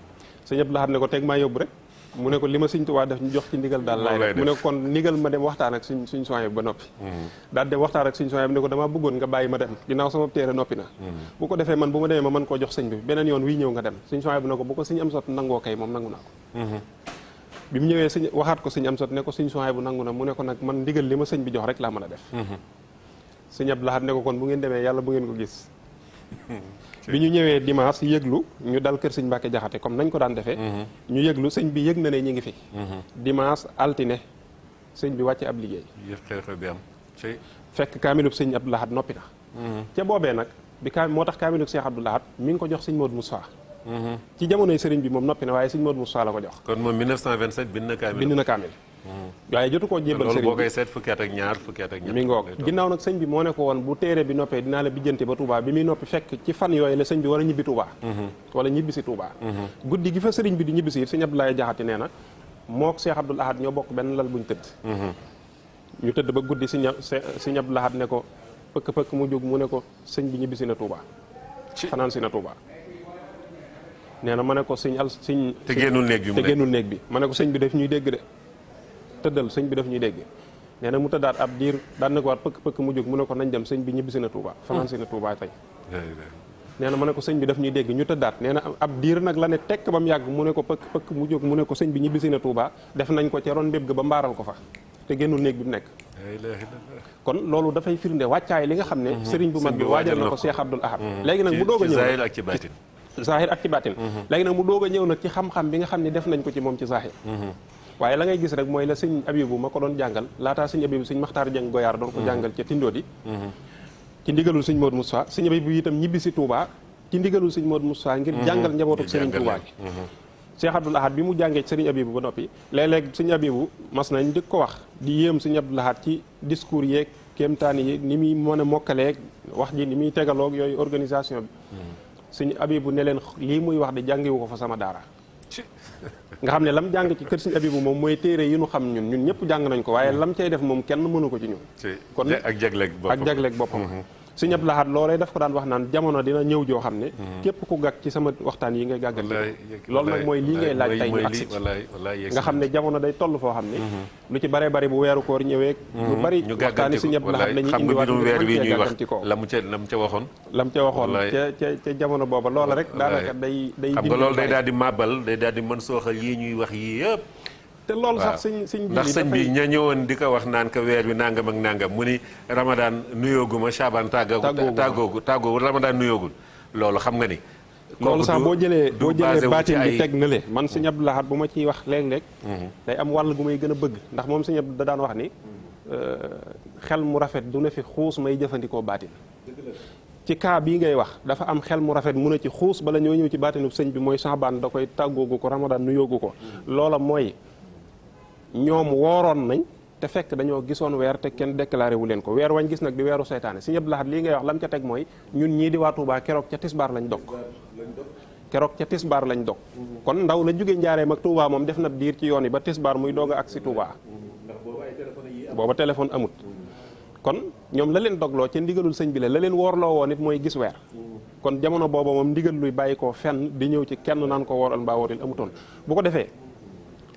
sëñ Abdou ne ko teg maa yóbbu rek mu ne ko li ma sëñ Tuubaa def jox ci daal laay def mu ne ko ma dem waxtaan ak suñ suñ soxé ba noppi mhm. daal dem waxtaan ak suñ ko damaa bëggoon nga bàyyi ma dem ginnaaw sama téere noppi mhm. ko defee man bu ma demee ma koo jox sëñ bi beneen yoon wii nga dem suñ soxé bi ne ko bu ko ko bi mu ñëwee sëñ ne ko suñ soxé bu nangu na mu ne ko nag man ndigal li ma sëñ bi jox rek laa man a def sëñ Abdou Lahad ne ko kon bu ngeen demee yàlla bu ngeen ko gis bi ñu ñëwee dimanche yëglu ñu dal kër sëñ Mbàkke Jaxate comme nañ ko daan defee mhm. ñu yëglu sëñ bi yëg na ne ñu ngi fi mhm. dimanche altine sëñ bi wàcce ab liggéey fekk kaamilub sëñ Abdou Lahad noppi na mhm. ca boobee nag bi kaa moo tax kaamilub Cheikh Abdou Lahad ko jox sëñ Modou Moussa ci jamonoy sëriñ bi moom noppi na waaye sëñ Modou Moussa la ko jox kon moom 1927 bind na kaamil bind na kaamil Mm. waaye jotu koo jébal sëriñ bi boo koy seet fukki at ak ñaar fukki mi ngoog ginnaaw nag sëñ bi moo ne ko woon bu téere bi noppee dinaa la bijjante ba Touba bi muy noppi fekk ci fan yooyu la sëñ bi war a ñibbi Touba mm-hmm. wala ñibbi si Touba mm-hmm. guddi gi fa sëriñ bi di ñibbi si it sëñ Abdoulaye Jaxate nee na mook Cheikh Abdoul Ahad ñoo bokk benn lal buñ tëdd mm-hmm. ñu tëdd ba guddi sëñ sëñ Abdoul Ahad ne ko pëkk pëkk mu jóg mu ne ko sëñ bi ñibbi si na Touba fanaan si na Touba nee na ma ne ko sëñ al sëñ te génnul néeg bi ma ne ko sëñ bi def ñuy dégg de tëddal sëñ bi daf ñuy dégg nee na mu tëddaat ab diir daan na ko waat pëkk pëkk mu jóg mu ne ko nañ dem sëñ bi ñibbisi na Touba fanaansi na Touba tey nee na mu ne ko sëñ bi daf ñuy dégg ñu tëddaat nee na ab diir nag la ne tekk ba mu yàgg mu ne ko pëkk pëkk mu jóg mu ne ko sëñ bi ñibbisi na Touba def nañ ko ca ron ga ba mbaaral ko fa te génnul néeg bi mu nekk kon loolu dafay firnde wàccaay li nga xam ne mhm. sëriñ bu mag bi waajal na ko Cheikh Abdoul Ahad mhm. mhm. léegi nag mu doog a ñëw zahir ak ci baatin léegi nag mu doog ñëw nag ci xam-xam bi nga xam ne def nañ ko ci moom ci zahir waaye la ngay gis rek mooy la sëñ abibu ma ko doon jàngal laataa sëñ abibu sëñ maxtaar jàng goyaar doon ko mm-hmm. jàngal ca tindoo di mm-hmm. ci ndigalul sëñ Modou Moussa sëñ abibu itam ñibbi si Touba ci ndigalul sëñ Modou Moussa ngir mm-hmm. jàngal njabootuk sëriñ Touba bi Cheikh Abdoul bi mu jàngee ci sëriñ abibu ba noppi léeg-léeg sëñ abibu mas nañ dëkk ko wax di yéem sëñ Abdoul Ahad ci discours yeeg kéemtaan yi ni muy mën a mokkaleeg wax ji ni muy tegaloog yooyu organisation bi sëñ abibu ne leen lii muy wax di jàngiwu ko fa sama daara nga xam ne lam jàng ci kër suñu abibu moom mooy téere yi nu xam ñun ñun ñëpp jàng nañ ko waaye lam cay def moom kenn mënu ko ci ñun. kon ak jagleeg boppam ak jagleeg boppam. Mm-hmm. su suñu la laxaat loolee daf ko daan wax naan jamono dina ñëw joo xam ne hmm. képp ku gàgg ci sama waxtaan yi ngay gàggal loolu nag mooy lii ngay laaj tey ñu agsi nga xam ne jamono day toll foo xam ne hmm. lu ci bare bari bu weeru koor ñëwee hmm. lu bari waxtaan yi suñu ab laxaat la ñuy indiwaat gàgganti ko la mu ca la mu ca waxoon la mu ca waxoon ca ca jamono booba lool rek daanaka day day xam nga loolu day daal di màbbal day daal di mën sooxal yii ñuy wax yii yëpp te loolu sax sëñ sëñ bi ndax sëñ bi ña ñëwoon di ko wax naan ko weer bi nangam ak nangam mu ni ramadaan nuyooguma Chaban tàggoogu tàggoogu tàggoogu ramadaan nuyoogul loolu xam nga ni loolu sax boo jëlee boo jëlee baatin bi teg na man sëñ mm. Abdou Lahad bu ma ciy wax léeg-léeg mm-hmm. day am wàll gu may gën a bëgg ndax moom sëñ da daan wax ni mm-hmm. euh, xel mu rafet du ne fi xuus may jëfandikoo baatin ci cas bii ngay wax dafa am xel mu rafet mun a ci xuus bala ñoo ñëw ci baatinu sëñ bi mooy saabaan da koy tàggoogu ko ramadaan nuyoogu ko mm-hmm. loola mooy ñoom wooroon nañ te fekk dañoo gisoon weer te kenn déclaré wu leen ko weer wañ gis nag di weeru seytaane si ñëpp laxat lii ngay wax lam ca teg mooy ñun ñii di waa Touba keroog ca tisbaar lañ dog keroog ca tisbaar lañ dog kon ndaw la jóge njaaree mag Touba moom def na biir ci yoon yi ba tisbaar muy doog a ak si Touba booba téléphone amut kon ñoom la leen dogloo ca ndigalul sañ bi la la woorloo woon it mooy gis weer kon jamono booba moom ndigal luy bàyyi koo fen di ñëw ci kenn naan ko wooral mbaa wooril amutoon bu ko defee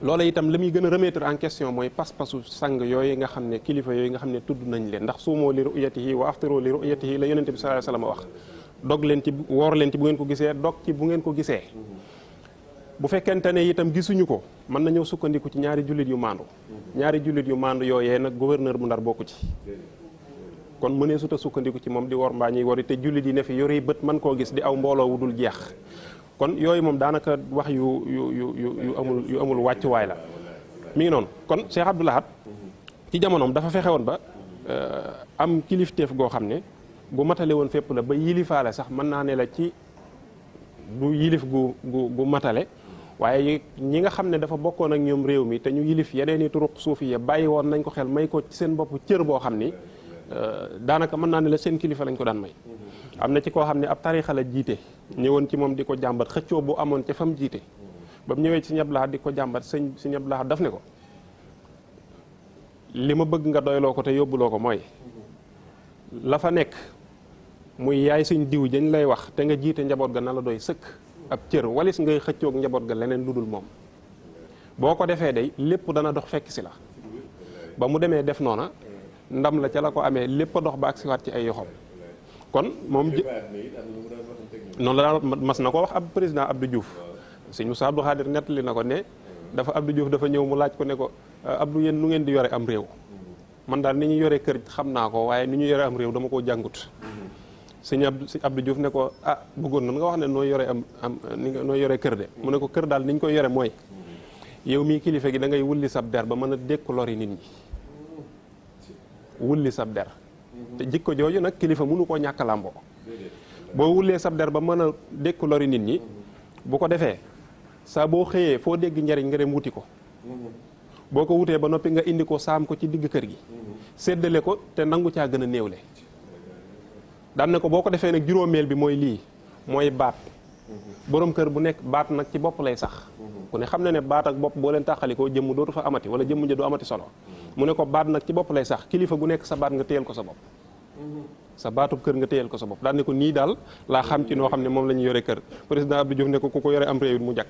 loola itam li muy gën a remettre en question mooy pas-pasu sang yooyu nga xam ne kilifa yooyu nga xam ne tudd nañ leen ndax suumoo li ru'yatihi wa aftiroo li ru'yatihi la yonente bi sa alayhi wasallam wax dog leen ci woor leen ci bu ngeen ko gisee dog ci bu ngeen ko gisee bu fekkente ne itam gisuñu ko mën nañoo sukkandiku ci ñaari jullit yu maandu ñaari jullit yu maandu yooyee nag gouverneur bu ndar bokk ci kon mënee suta sukkandiku ci moom di wor mbaa ñuy wori te jullit yi ne fi yori bët man koo gis di aw mbooloo wu dul jeex kon yooyu moom daanaka wax yu yu yu yu amul amul wàccuwaay la mi ngi noonu kon Cheikh Abdou Lahad ci jamonoom dafa fexe woon ba euh, am kilifteef goo xam ne gu matale woon fépp la ba yilifaale sax mën naa ne la ci du yilif gu gu gu matale waaye ñi nga xam ne dafa bokkoon ak ñoom réew mi te ñu yilif yeneen i turuq suufi ya bàyyi woon nañ ko xel may ko ci seen bopp cër boo xam ni euh, daanaka mën naa ne la seen kilifa lañ ko daan may am na ci koo xam ne ab tarixa a jiite ñëwoon ci moom di ko jàmbat xëccoo bu amoon ca fam jiite ba mu ñëwee ci ñëpp laxat di ko jàmbat sëñ si ñëpp laxat daf ne ko li ma bëgg nga doyloo ko te yóbbuloo ko mooy la fa nekk muy yaay suñ diw jañ lay wax te nga jiite njaboot ga na la doy sëkk ab cër walis ngay xëccook njaboot ga leneen lu dul moom boo ko defee day lépp dana dox fekk si la ba mu demee def noona ndam la ca la ko amee lépp a dox ba agsiwaat ci ay yoxom kon moom noonu la daan mas na ko wax ab président Abdou Diouf sëñ Moussa Abdou Khadir nettali na ko ne dafa Abdou Diouf dafa ñëw mu laaj ko ne ko euh, Abdou yéen nu ngeen di yore am réew man daal ni ñu yore kër xam naa ko waaye ni ñu yore am réew dama koo jàngut sëñ Abdou sëñ Abdou Diouf ne ko ah bëggoon nan wax ne nooy yore am am nooy yore kër de mu ne ko kër daal ni ñu koy yore mooy yow mii kilifa gi da ngay wulli sab der ba mën a dékku lori nit ñi wulli sab der te jikko jooju nag kilifa mënu koo ñàkk làmboo boo wulee sab der ba mën a dékku lori nit ñi bu ko defee saa boo xëyee foo dégg njariñ nga dem wuti ko boo ko wutee ba noppi nga indi ko saam ko ci digg kër gi séddale ko te nangu caa gën a néewle daan ko boo ko defee nag juróomeel bi mooy lii mooy baat borom kër bu nekk baat nag ci bopp lay sax ku ne xam na ne baat ak bopp boo leen tàqalikoo jëmm dootu fa amati wala jëmm ja du amati solo mu ne ko baat nag ci bopp lay sax kilifa gu nekk sa baat nga téyel ko sa bopp sa baatu kër nga téyel ko sa bopp daal ne ko nii daal laa xam ci noo xam ne moom la yore kër président Abdou Diouf ne ko ku ko yore am réew mu jag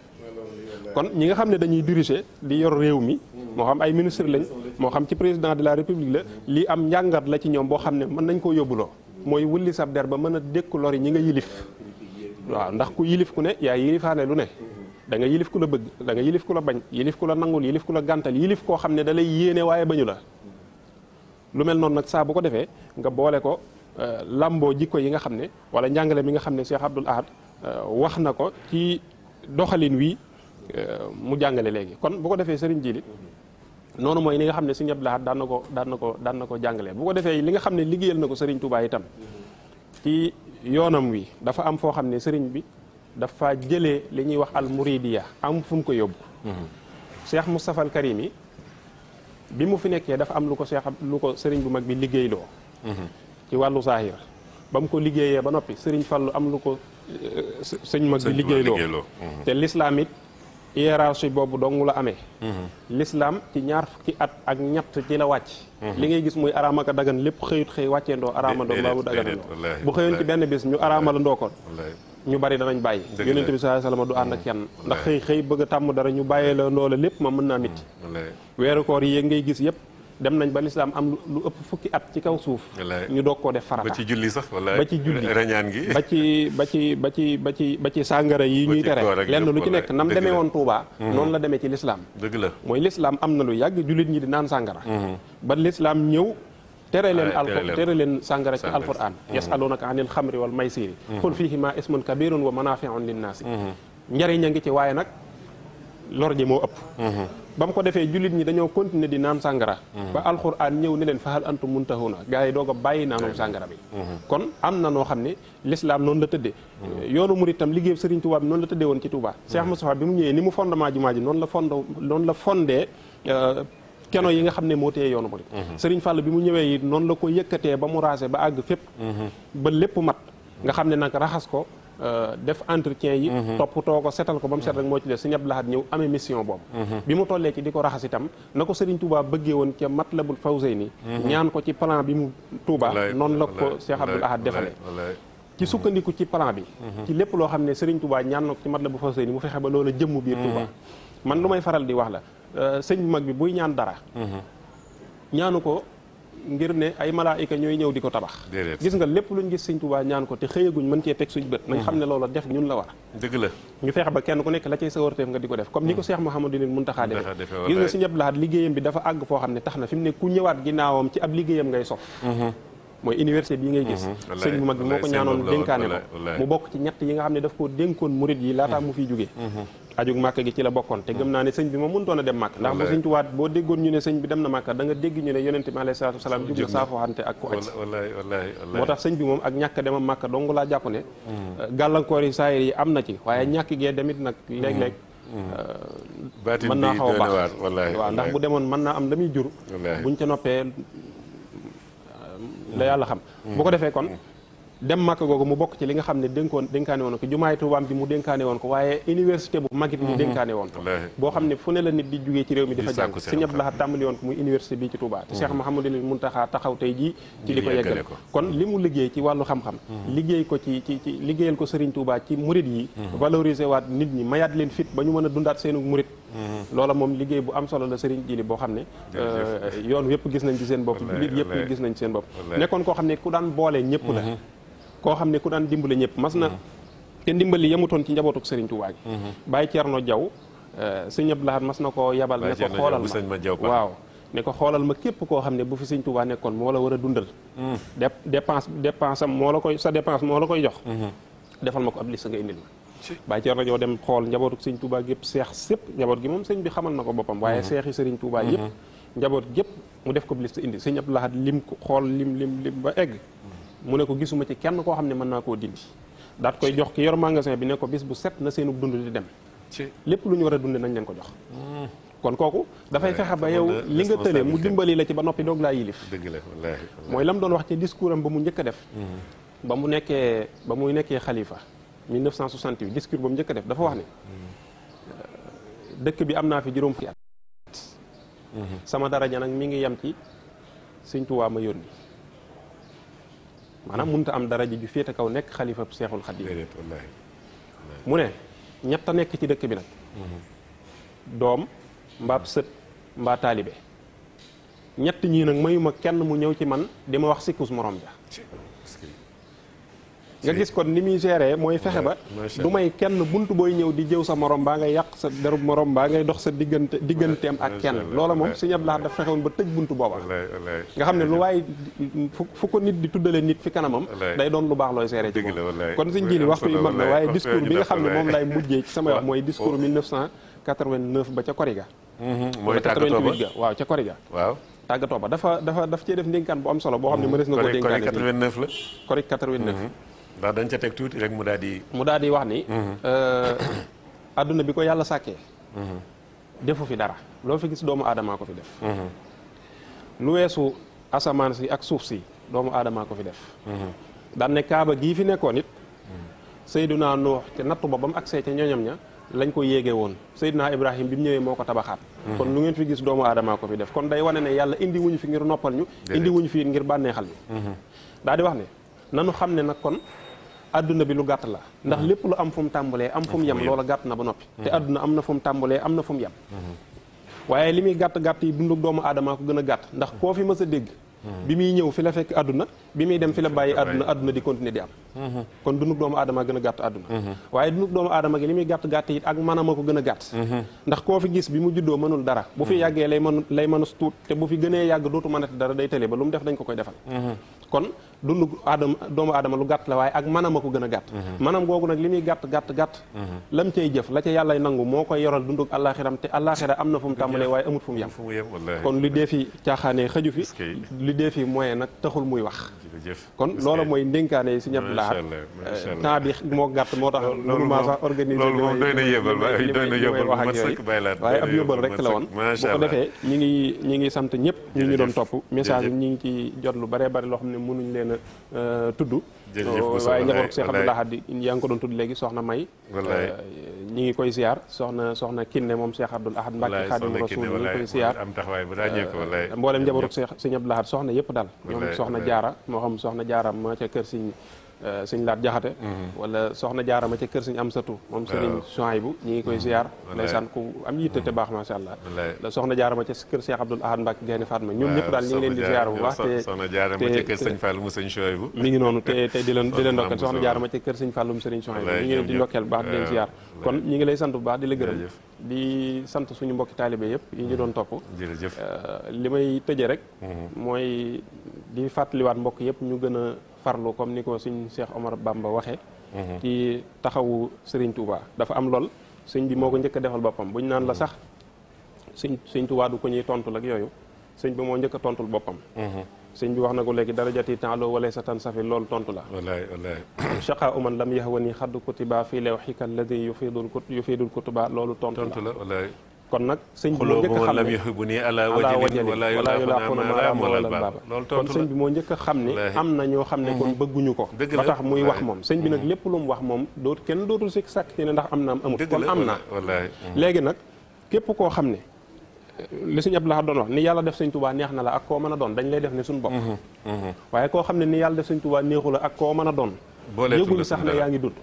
kon ñi nga xam ne dañuy diriger di yor réew mi moo xam ay ministre lañ moo xam ci président de la république la lii am njàngat la ci ñoom boo xam ne mën nañ koo yóbbuloo mooy wulli sab der ba mën a dékku lori ñi nga yilif waaw ndax yilif ku ne yaa yilifaane lu ne da nga yilif ku la bëgg da nga yilif ku la bañ yilif ku la nangul yilif ku la gàntal yilif koo xam ne da yéene waaye bañu la lu mel noonu nag saa bu ko defee nga boole ko euh, làmboo jikko yi nga xam ne wala njàngale mi nga xam ne Cheikh Abdoul Ahad euh, wax na ko ci doxalin wi euh, mu jàngale léegi kon bu ko defee sëriñ jili noonu mooy li nga xam ne si Abdoul Ahad daan na ko daan na ko daan na ko jàngalee bu ko defee li nga xam ne liggéeyal na ko sëriñ Touba itam ci yoonam wi dafa am foo xam ne sëriñ bi dafa jëlee li ñuy wax al muridiya am fu mu ko yóbbu. Mm-hmm. Cheikh Moustapha al Karimi bi mu fi nekkee dafa am lu ko Cheikh lu ko sëriñ bu mag bi liggéeyloo. Mm-hmm. ci wàllu saahir ba mu ko liggéeyee ba noppi sëriñ lu am lu ko eh, sëñ mag bi liggéeyloo mm-hmm. te lislaam it hiérarchie boobu dong la amee lislaam ci ñaar fukki at ak ñett ci la wàcc li ngay gis muy araam ak a dagan lépp xëyut xëy wàcceendoo araama doo mbaa mu daganandoo bu xëyoon ci benn bis ñu araama la ndoo ñu bari danañ bàyyi yonent bi sallallahu alayhi wasallam du ànd ak kenn mm. ndax xëy xëy bëgg tàmm dara ñu bàyyee la loola lépp ma mën naa métti weeru koor yi ngay gis yëpp dem nañ ba lislaam am lu ëpp fukki at ci kaw suuf ñu doog koo def farata ba ci julli sax wala ba ci julli rañaan gi ba ci ba ci ba ci ba ci ba ci sàngara yi ñuy tere lenn lu ci nekk nam demee woon Touba mm-hmm. noonu la demee ci lislaam dëgg la mooy lislaam am na lu yàgg jullit ñi di naan sàngara mm-hmm. ba lislaam ñëw Ah, tere leen sàngara ci alxuraan mm-hmm. yasalunaka anil xamri wal maysiri mm-hmm. qul fihima ismun kabirun wa manafiun linnaasi mm-hmm. njariñ a ngi ci waaye nag lor ji moo ëpp ba mu ko defee jullit ñi dañoo continuer di naan sàngara ba alxuraan ñëw ne leen fahal antum muntahuna gars yi doog a bàyyi naanum sàngara bi kon am na noo xam ne l'islam noonu la tëddee yoonu murit tam liggéey Serigne Touba bi noonu mu ñëwee ni mu fondement jumaa ji noonu la fondee keno yi nga xam ne moo téye yoonu murid mhm. sëriñ Fall bi mu ñëwee yi noonu la ko yëkkatee ba mu raase ba àgg fépp mhm. ba lépp mat nga xam ne nag raxas ko euh, def entretien yi mhm. toppatoo ko setal ko ba mu set rek moo ci def Sëriñ Abdou Lahad ñëw amee mission boobu bi mu tollee ci di ko raxas itam na ko Sëriñ Touba bëggee woon ca Matlabul Fawzayni ñaan ko ci plan bi mu Touba noonu la ko Cheikh Abdou Lahad ci sukkandiku ci plan bi ci lépp loo xam ne Sëriñ Touba ñaan na ko ci Matlabul Fawzayni mu fexe ba loola jëmm biir Touba man lu may faral di wax la Euh, sëñ mag bi buy ñaan dara. Mhm. ñaanu ko ngir ne ay malaayika ñooy ñëw di ko tabax. gis nga lépp luñ gis sëñ Tuubaa ñaan ko te xëyaguñ mën cee teg suñ bët. nañ xam ne mhm. loola def la war. dëgg la ñu feex ba kenn ku nekk la cay sawarteef nga di ko def comme ni ko mhm. gis nga sëñ Abdou Lahad liggéeyam bi dafa àgg foo xam ne tax na fi ne ku ñëwaat ginnaawam ci ab liggéeyam ngay sof mooy université bii ngay gis sëñ bu mag bi moo ko ñaanoon dénkaane ko mu bokk ci ñett yi nga xam ne daf koo dénkoon murit yi laataa mu fiy jógee ajug màkk gi ci la bokkoon te gëm naa ne sëñ bi moom mënutoon a dem màkk ndax bu sëñ tuwaat boo déggoon ñu ne sëñ bi dem na màkk da dégg ñu ne yonente bi alayhi salaatu wasalaam jub na saafoxante ak ku aj moo tax sëñ bi moom ak ñàkk demam màkk dong laa jàpp ne mm. euh, gàllankoor yi saayir yi am na ci waaye mm. ñàkk gee damit nag mm. léeg-léeg euh, mën naa xaw a baax waaw ndax bu demoon mën naa am la muy jur buñ ca noppee euh, la yàlla xam bu ko defee kon dem Makka googu mu bokk ci li nga xam ne dénkoon dénkaane woon ko jumaay Tuubaam bi mu dénkaane woon ko waaye université bu magit bi mhm. dénkaane woon ko boo xam ne fu ne la nit di jógee ci réew mi dafa jàng Sëriñ Abdou Lahad tàmbali woon ko muy université bii ci Touba te Cheikh mhm. Mouhamadoul Mountakha taxaw tey jii ci di ko yeggale kon li mu liggéey ci wàllu xam-xam mhm. liggéey ko ci ci liggéeyal ko Sëriñ Touba ci murit yi valoriser waat nit ñi mayaat leen fit ba ñu mën a dundaat seenu murit loola moom liggéey bu am solo la Serigne Djily boo xam ne euh, yoon yëpp gis nañ ci seen bopp jullit yëpp gis nañ ci seen bopp nekkoon koo xam ne ku daan boole ñëpp la mm-hmm. koo xam ne ku daan dimbale ñëpp mas na mm-hmm. te ndimbali yemutoon ci njabootuk Serigne Touba gi mm-hmm. Baye Thierno Diaw euh, sëñ Abdou Lahad mas na ko yabal ne ko xoolal ma waaw ne ko xoolal ma képp koo xam ne bu fi sëñ Touba nekkoon moo la war a dundal mm. dépense dépense am moo la koy sa dépense moo la koy jox defal ma ko ab liste nga indil bàyyi ci war na ñoo dem xool njabootu sëriñ Touba yëpp seex sëpp njaboot gi moom sëñ bi xamal na ko boppam waaye mhm. seexi sëriñ Touba mhm. yëpp njaboot gépp mu def ko liste indi sëñ Abdou Lahad lim ko xool lim lim ba egg mhm. mu ne ko gisuma ci kenn koo xam ne mën naa koo dindi daat koy jox ki yor magasin bi ne ko bis bu set na seenub dund di dem lépp lu ñu war a dund nañ leen ko jox kon kooku dafay fexe ba yow li nga tële mu dimbali la ci ba noppi doog laa yilif mooy lam doon wax ci discours am ba mu njëkk a def ba mu nekkee ba muy nekkee xalifa 1968 discours ba mu njëkk a def dafa wax ne dëkk bi am naa fi juróom fukki at sama daraja nag mi ngi yem ci sëñtuwaa ma yónni maanaam munta a am daraja ju féete kaw nekk xalifa Seexul Xadiim mu ne ñett a nekk ci dëkk bi nag mhm. doom mbaab sët mbaa taalibe ñett ñii nag mayuma kenn mu ñëw ci man di ma wax sikkus moroom ja nga gis kon ni muy gérer mooy fexe ba du may kenn bunt booy ñëw di jëw sa moroom baa ngay yàq sa derub morom baa ngay dox sa diggante digganteem ak kenn loola moom Sëñ Abdu Lahad daf fexewoon ba tëj buntu booba nga xam ne lu waaye fu ko nit doon lu baax looy gérer ci moom kon Sëñ Jili waxtu yi mag na waaye discours bi nga xam ne moom lay mujjee ci sama wax mooy discours ba ca Koriga mhm, mooy waaw ca Koriga waaw tàggatoo ba dafa dafa daf cee def ndénkaan bu am solo boo xam ne mhm. mënees na ko dénkaan kori la kori 89 ndax dañ ca teg tuuti rek mu daa di. mu daal di wax ni. àdduna mhm. euh, <coughs> bi ko yàlla sàkkee. Mhm. defu fi dara loo fi gis doomu aadamaa ko fi def. Mhm. lu weesu asamaan si ak suuf si doomu aadamaa ko fi def. daan kaaba gii fi nekkoon it. Seydunaa Nuux ca nattu ba ba mu agsee ca ñoñam ña lañ ko yéegee woon Seydunaa Ibrahim bi mu ñëwee moo ko tabaxaat. kon lu ngeen fi gis doomu aadamaa ko fi def kon day wane ne yàlla indi fi ngir noppal ñu. indi wuñu fi ngir bànneexal yi daal di wax ne nanu xam ne nag kon. àdduna bi lu gàtt la ndax mm-hmm. lépp lu am fu mu tàmbalee am fu mu yam loola gàtt na ba noppi mm-hmm. te àdduna am na fu mu tàmbalee am na fu mu yem mm-hmm. waaye li muy gàtt-gàtt yi dundu doomu aadama ko gën a gàtt ndax koo fi mës a dégg bi muy ñëw fi la fekk àdduna bi muy dem fi la bàyyi àdduna àdduna di continuer di am mm-hmm. kon dunug doomu aadama gën a gàtt àdduna mm-hmm. waaye dunug gi ni muy gàtt gàtt a a mm-hmm. te bu fi gënee yàgg dootu mënati dara day tële ba lu mu def dañ ko koy defal kon dundu aadama lu gàtt la waaye ak manama ko gën a gàtt manam googu nag li muy gàtt gàtt gàtt lam cay jëf la ca yàllay nangu moo koy yoral dundug àllaaxiram te àllaaxira am na fu mu tàmbalee waaye amut fu mu kon li dee fi caaxaanee xëju dee fii moyen nag taxul muy wax kon loolu mooy ndénkaane yi suñu Abdou Lahad eh, bi moo gàtt moo tax loolu maa sax organisé loolu moom doy na yëbal doy na yëbal wax ak yooyu waaye ab yóbbal rek la ngi ñi ngi sant ñëpp ñi ñu doon topp message yi ñi ngi ci jot lu bare a euh, tudd oh, waaye njaboot Cheikh Abdou Lahad yaa ngi ko doon tudd léegi soxna May euh, ñi ngi koy ziar soxna soxna Kinne moom Cheikh Abdoul Ahad Mbacke Khadim Rasoul ñi ngi koy ziar euh, mboolem njaboot Cheikh Abdou Lahad soxna yëpp daal ñoom soxna Jaara loxom soxna jaaram ma ca kër Euh, sëñ laat jaxate mhm. wala soxna jaarama ca kër suñ am satu moom sëriñ bu ñu ngi koy mhm. ziar ndeysaan ku am yitte te baax macha allah la soxna jaarama ca kër sëñ Abdoul Ahad Mbacke Gaynde Fatma ñoom ñëpp daal ñi ngi leen di ziar bu baax te soxna jaarama ca kër sëñ Fallou mu sëñ Souhaïbou mi ngi noonu te te ndokkeel soxna jaarama ca kër sëñ Fallou mu sëriñ Souhaïbou ñi ngi leen di ndokkeel bu baax di leen kon ñi ngi lay sant bu baax di la gërëm di sant suñu mbokki taalibe yëpp yi ñu doon topp euh, li may tëje rek mhm. mooy di fàttaliwaat mbokk yëpp ñu gën a farlu comme ni ko suñ Cheikh Omar ba waxe mhm. ci taxawu sëriñ tubaa dafa am lool sëñ bi moo ko njëkk defal boppam buñ naan la sax sëñ sëñ Touba du ko ñuy tontu ak yooyu sëñ bi moo njëkk a tontul boppam mhm. sëñ bi wax na ko léegi darajati taalo walay sa tan safi loolu tontu la wallaay wallaay chaqa <clears throat> uman lam yahwani xaddu kutiba fii lewxika alladi yufidul yufiidul kutuba loolu tontu la wallaay kon nag sëñ bi moo njëkk a xam ne ala wajali wala yulaaxuna ma wala baaba bi moo njëkk xam ne am na ñoo xam ne kon mhm. bëgguñu ko ba tax muy wax moom sëñ bi nag mhm. lépp lu wax moom doot kenn dootul si sàkk ci ne ndax am na am amut kon am na mhm. léegi nag képp koo xam ne li sëñ Abdou Lahad doon wax ni yàlla neex na la ak koo mën a doon dañ lay def ne suñu bopp waaye koo xam ne ni yàlla def sëñ Tuubaa neexu ak koo mën a doon yëgul sax ne yaa ngi dund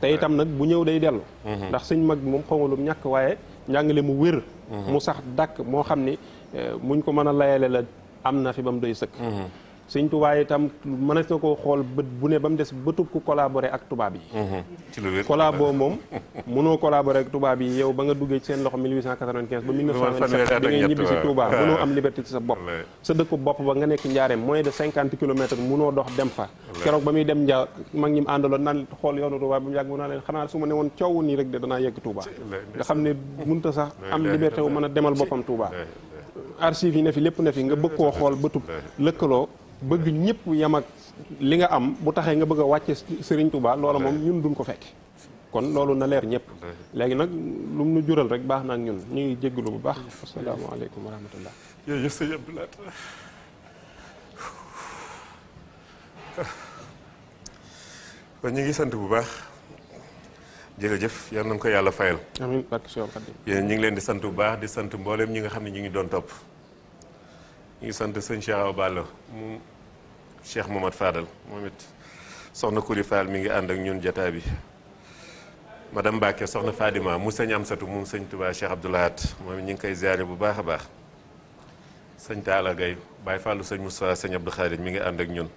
te itam nag bu ñëw day dellu mhm. ndax suñ mag bi moom xawmalum ñàkk waaye njàngale mu wér mhm. mu sax dàkk moo xam ni eh, muñ ko mën a layale la am na fi ba mu doy sëkk mhm. sëñ Tuubaa itam mënees na koo xool bët bu ne ba mu des bëtub ku collaborer ak tubaab yi mhm. collabo moom mënoo collaborer ak tubaab yi yow ba nga duggee ci seen loxo 1895 ba 1927 bi ngay ñibbi si sa bopp sa dëkku ba nekk njaareem moins de 50 kilomètres mënoo dox dem fa keroog ba muy dem njaa ñi mu àndaloon naan xool yoonu Tuubaa bi mu yàgg mu leen xanaa su ma ne woon coow nii rek de danaa yegg Tuubaa nga xam ne munta sax am liberté wu mën a demal boppam Tuubaa archive yi ne fi lépp ne fi nga bëgg koo xool bëtub lëkkaloo bëgg ñëpp yem ak li nga am bu taxee nga bëgg a wàcce Serigne Touba loola moom ñun duñ ko fekk kon loolu na leer ñëpp léegi nag lu mu nu jural rek baax na ak ñun ñu ngi jégalu bu baax asalaamaaleykum wa rahmatullah jërëjëf sëñ Abdoulaye kon ñu ngi sant bu baax jërëjëf yal na ko yàlla fayal amiin barke Seex ñu ngi leen di sant bu baax di sant mboolem ñi nga xam ne ñu ngi doon topp ngi sant sëñ Cheikh Awa Balla mu Cheikh Momad Fadal moom it soxna Kuri Fall mi ngi ànd ak ñun jataa bi madame Mbacke soxna Fadima mu sëñ Amsatu moom sëñ Touba Cheikh Abdoulahat moom it ñu ngi koy ziare bu baax a baax sëñ Talla Gaye Baye sëñ Moustapha sëñ mi ngi ànd ak ñun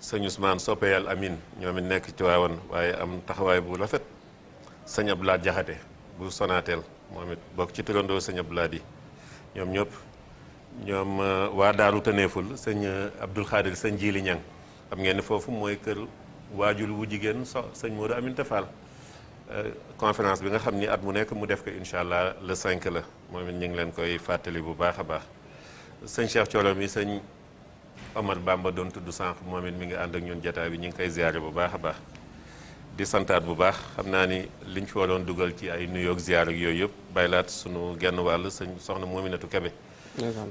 sëñ Ousmane soppe amin ñoom it nekk ci waawan waaye am taxawaay bu rafet sëñ Abdoulaat Jaxate bu Sonatel moom it bokk ci turandoo sëñ Abdoulaat yi ñoom ñëpp ñoom uh, waa daaru Taneeful sëñ uh, Abdul Xaadir sëñ Jiili Ñang xam ngeen ne foofu mooy kër waajur wu jigéen so sëñ Modou Aminta Fall uh, conférence bi nga xam ni at mu nekk mu def ko incha allah le 5 la moom it ñu ngi leen koy fàttali bu baax a baax sëñ Cheikh Thioro mi sëñ Omar Bamba doon tudd sànq moom it mi ngi ànd ak ñun jataa bi ñu ngi koy ziare bu baax a baax di santaat bu baax xam naa ni liñ fi waroon dugal ci ay nuyoog ziare yooyu yëpp baylaat sunu genn wàll sëñ soxna Mominatu Kebe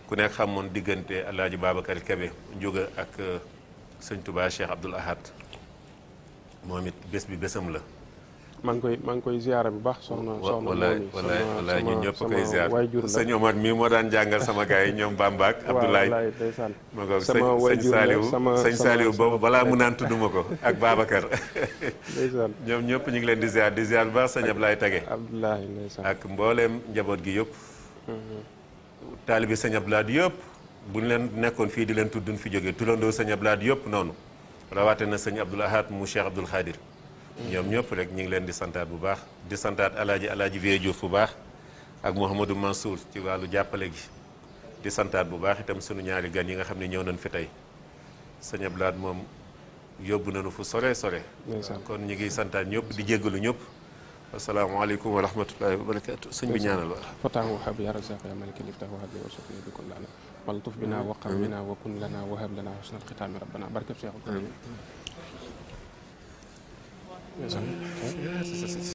ku nekk xamoon diggante Alaaji Babacar Kebe jóg ak euh, sëñ tubaa Cheikh Abdoul Ahad moom it bés bi bésam la. maa ngi koy maa ngi koy ziyaara bu baax. soxna soxna walaay walaay ñun ñëpp koy ziyaar sëñ Omar moo daan jàngal sama gars yi ñoom Bamba ak Abdoulaye ma ko sama wayjur sama sëñ boobu balaa mu naan tudd ko ak Babacar. <laughs> ñoom ñëpp ñu ngi leen di ziyaar di ziyaar bu baax sëñ Abdoulaye Tage. ak mbooleem njaboot gi yëpp. Mm-hmm. taalibi sëñ Abdoulaye yëpp bu ñu leen nekkoon fii di leen tudd duñ fi jóge tulandoo sëñ Abdoulaye yëpp noonu rawaate na sëñ Abdoul Ahad mu Cheikh Abdoul Khadir ñoom ñëpp rek ñu ngi leen di santaat bu baax di santaat alaaji alaaji Vieux Diouf bu baax ak Mouhamadou Mansour ci wàllu jàppale gi di santaat bu baax itam sunu ñaari gan yi nga xam ne ñëw nañ fi tey sañablaat moom yóbbu nañu fu sore sore kon ñu ngi santaat ñëpp di jéggalu ñëpp asalaamaaleykum wa rahmatullahi wa barakaatu sëñ bi ñaanal wa fataahu wahab ya razaq ya malik liftah wahab bi wa sofiya bi kun lana waltuf bina waqar bina wa kun lana wahab lana husnal xitaami rabbana barkeb seexul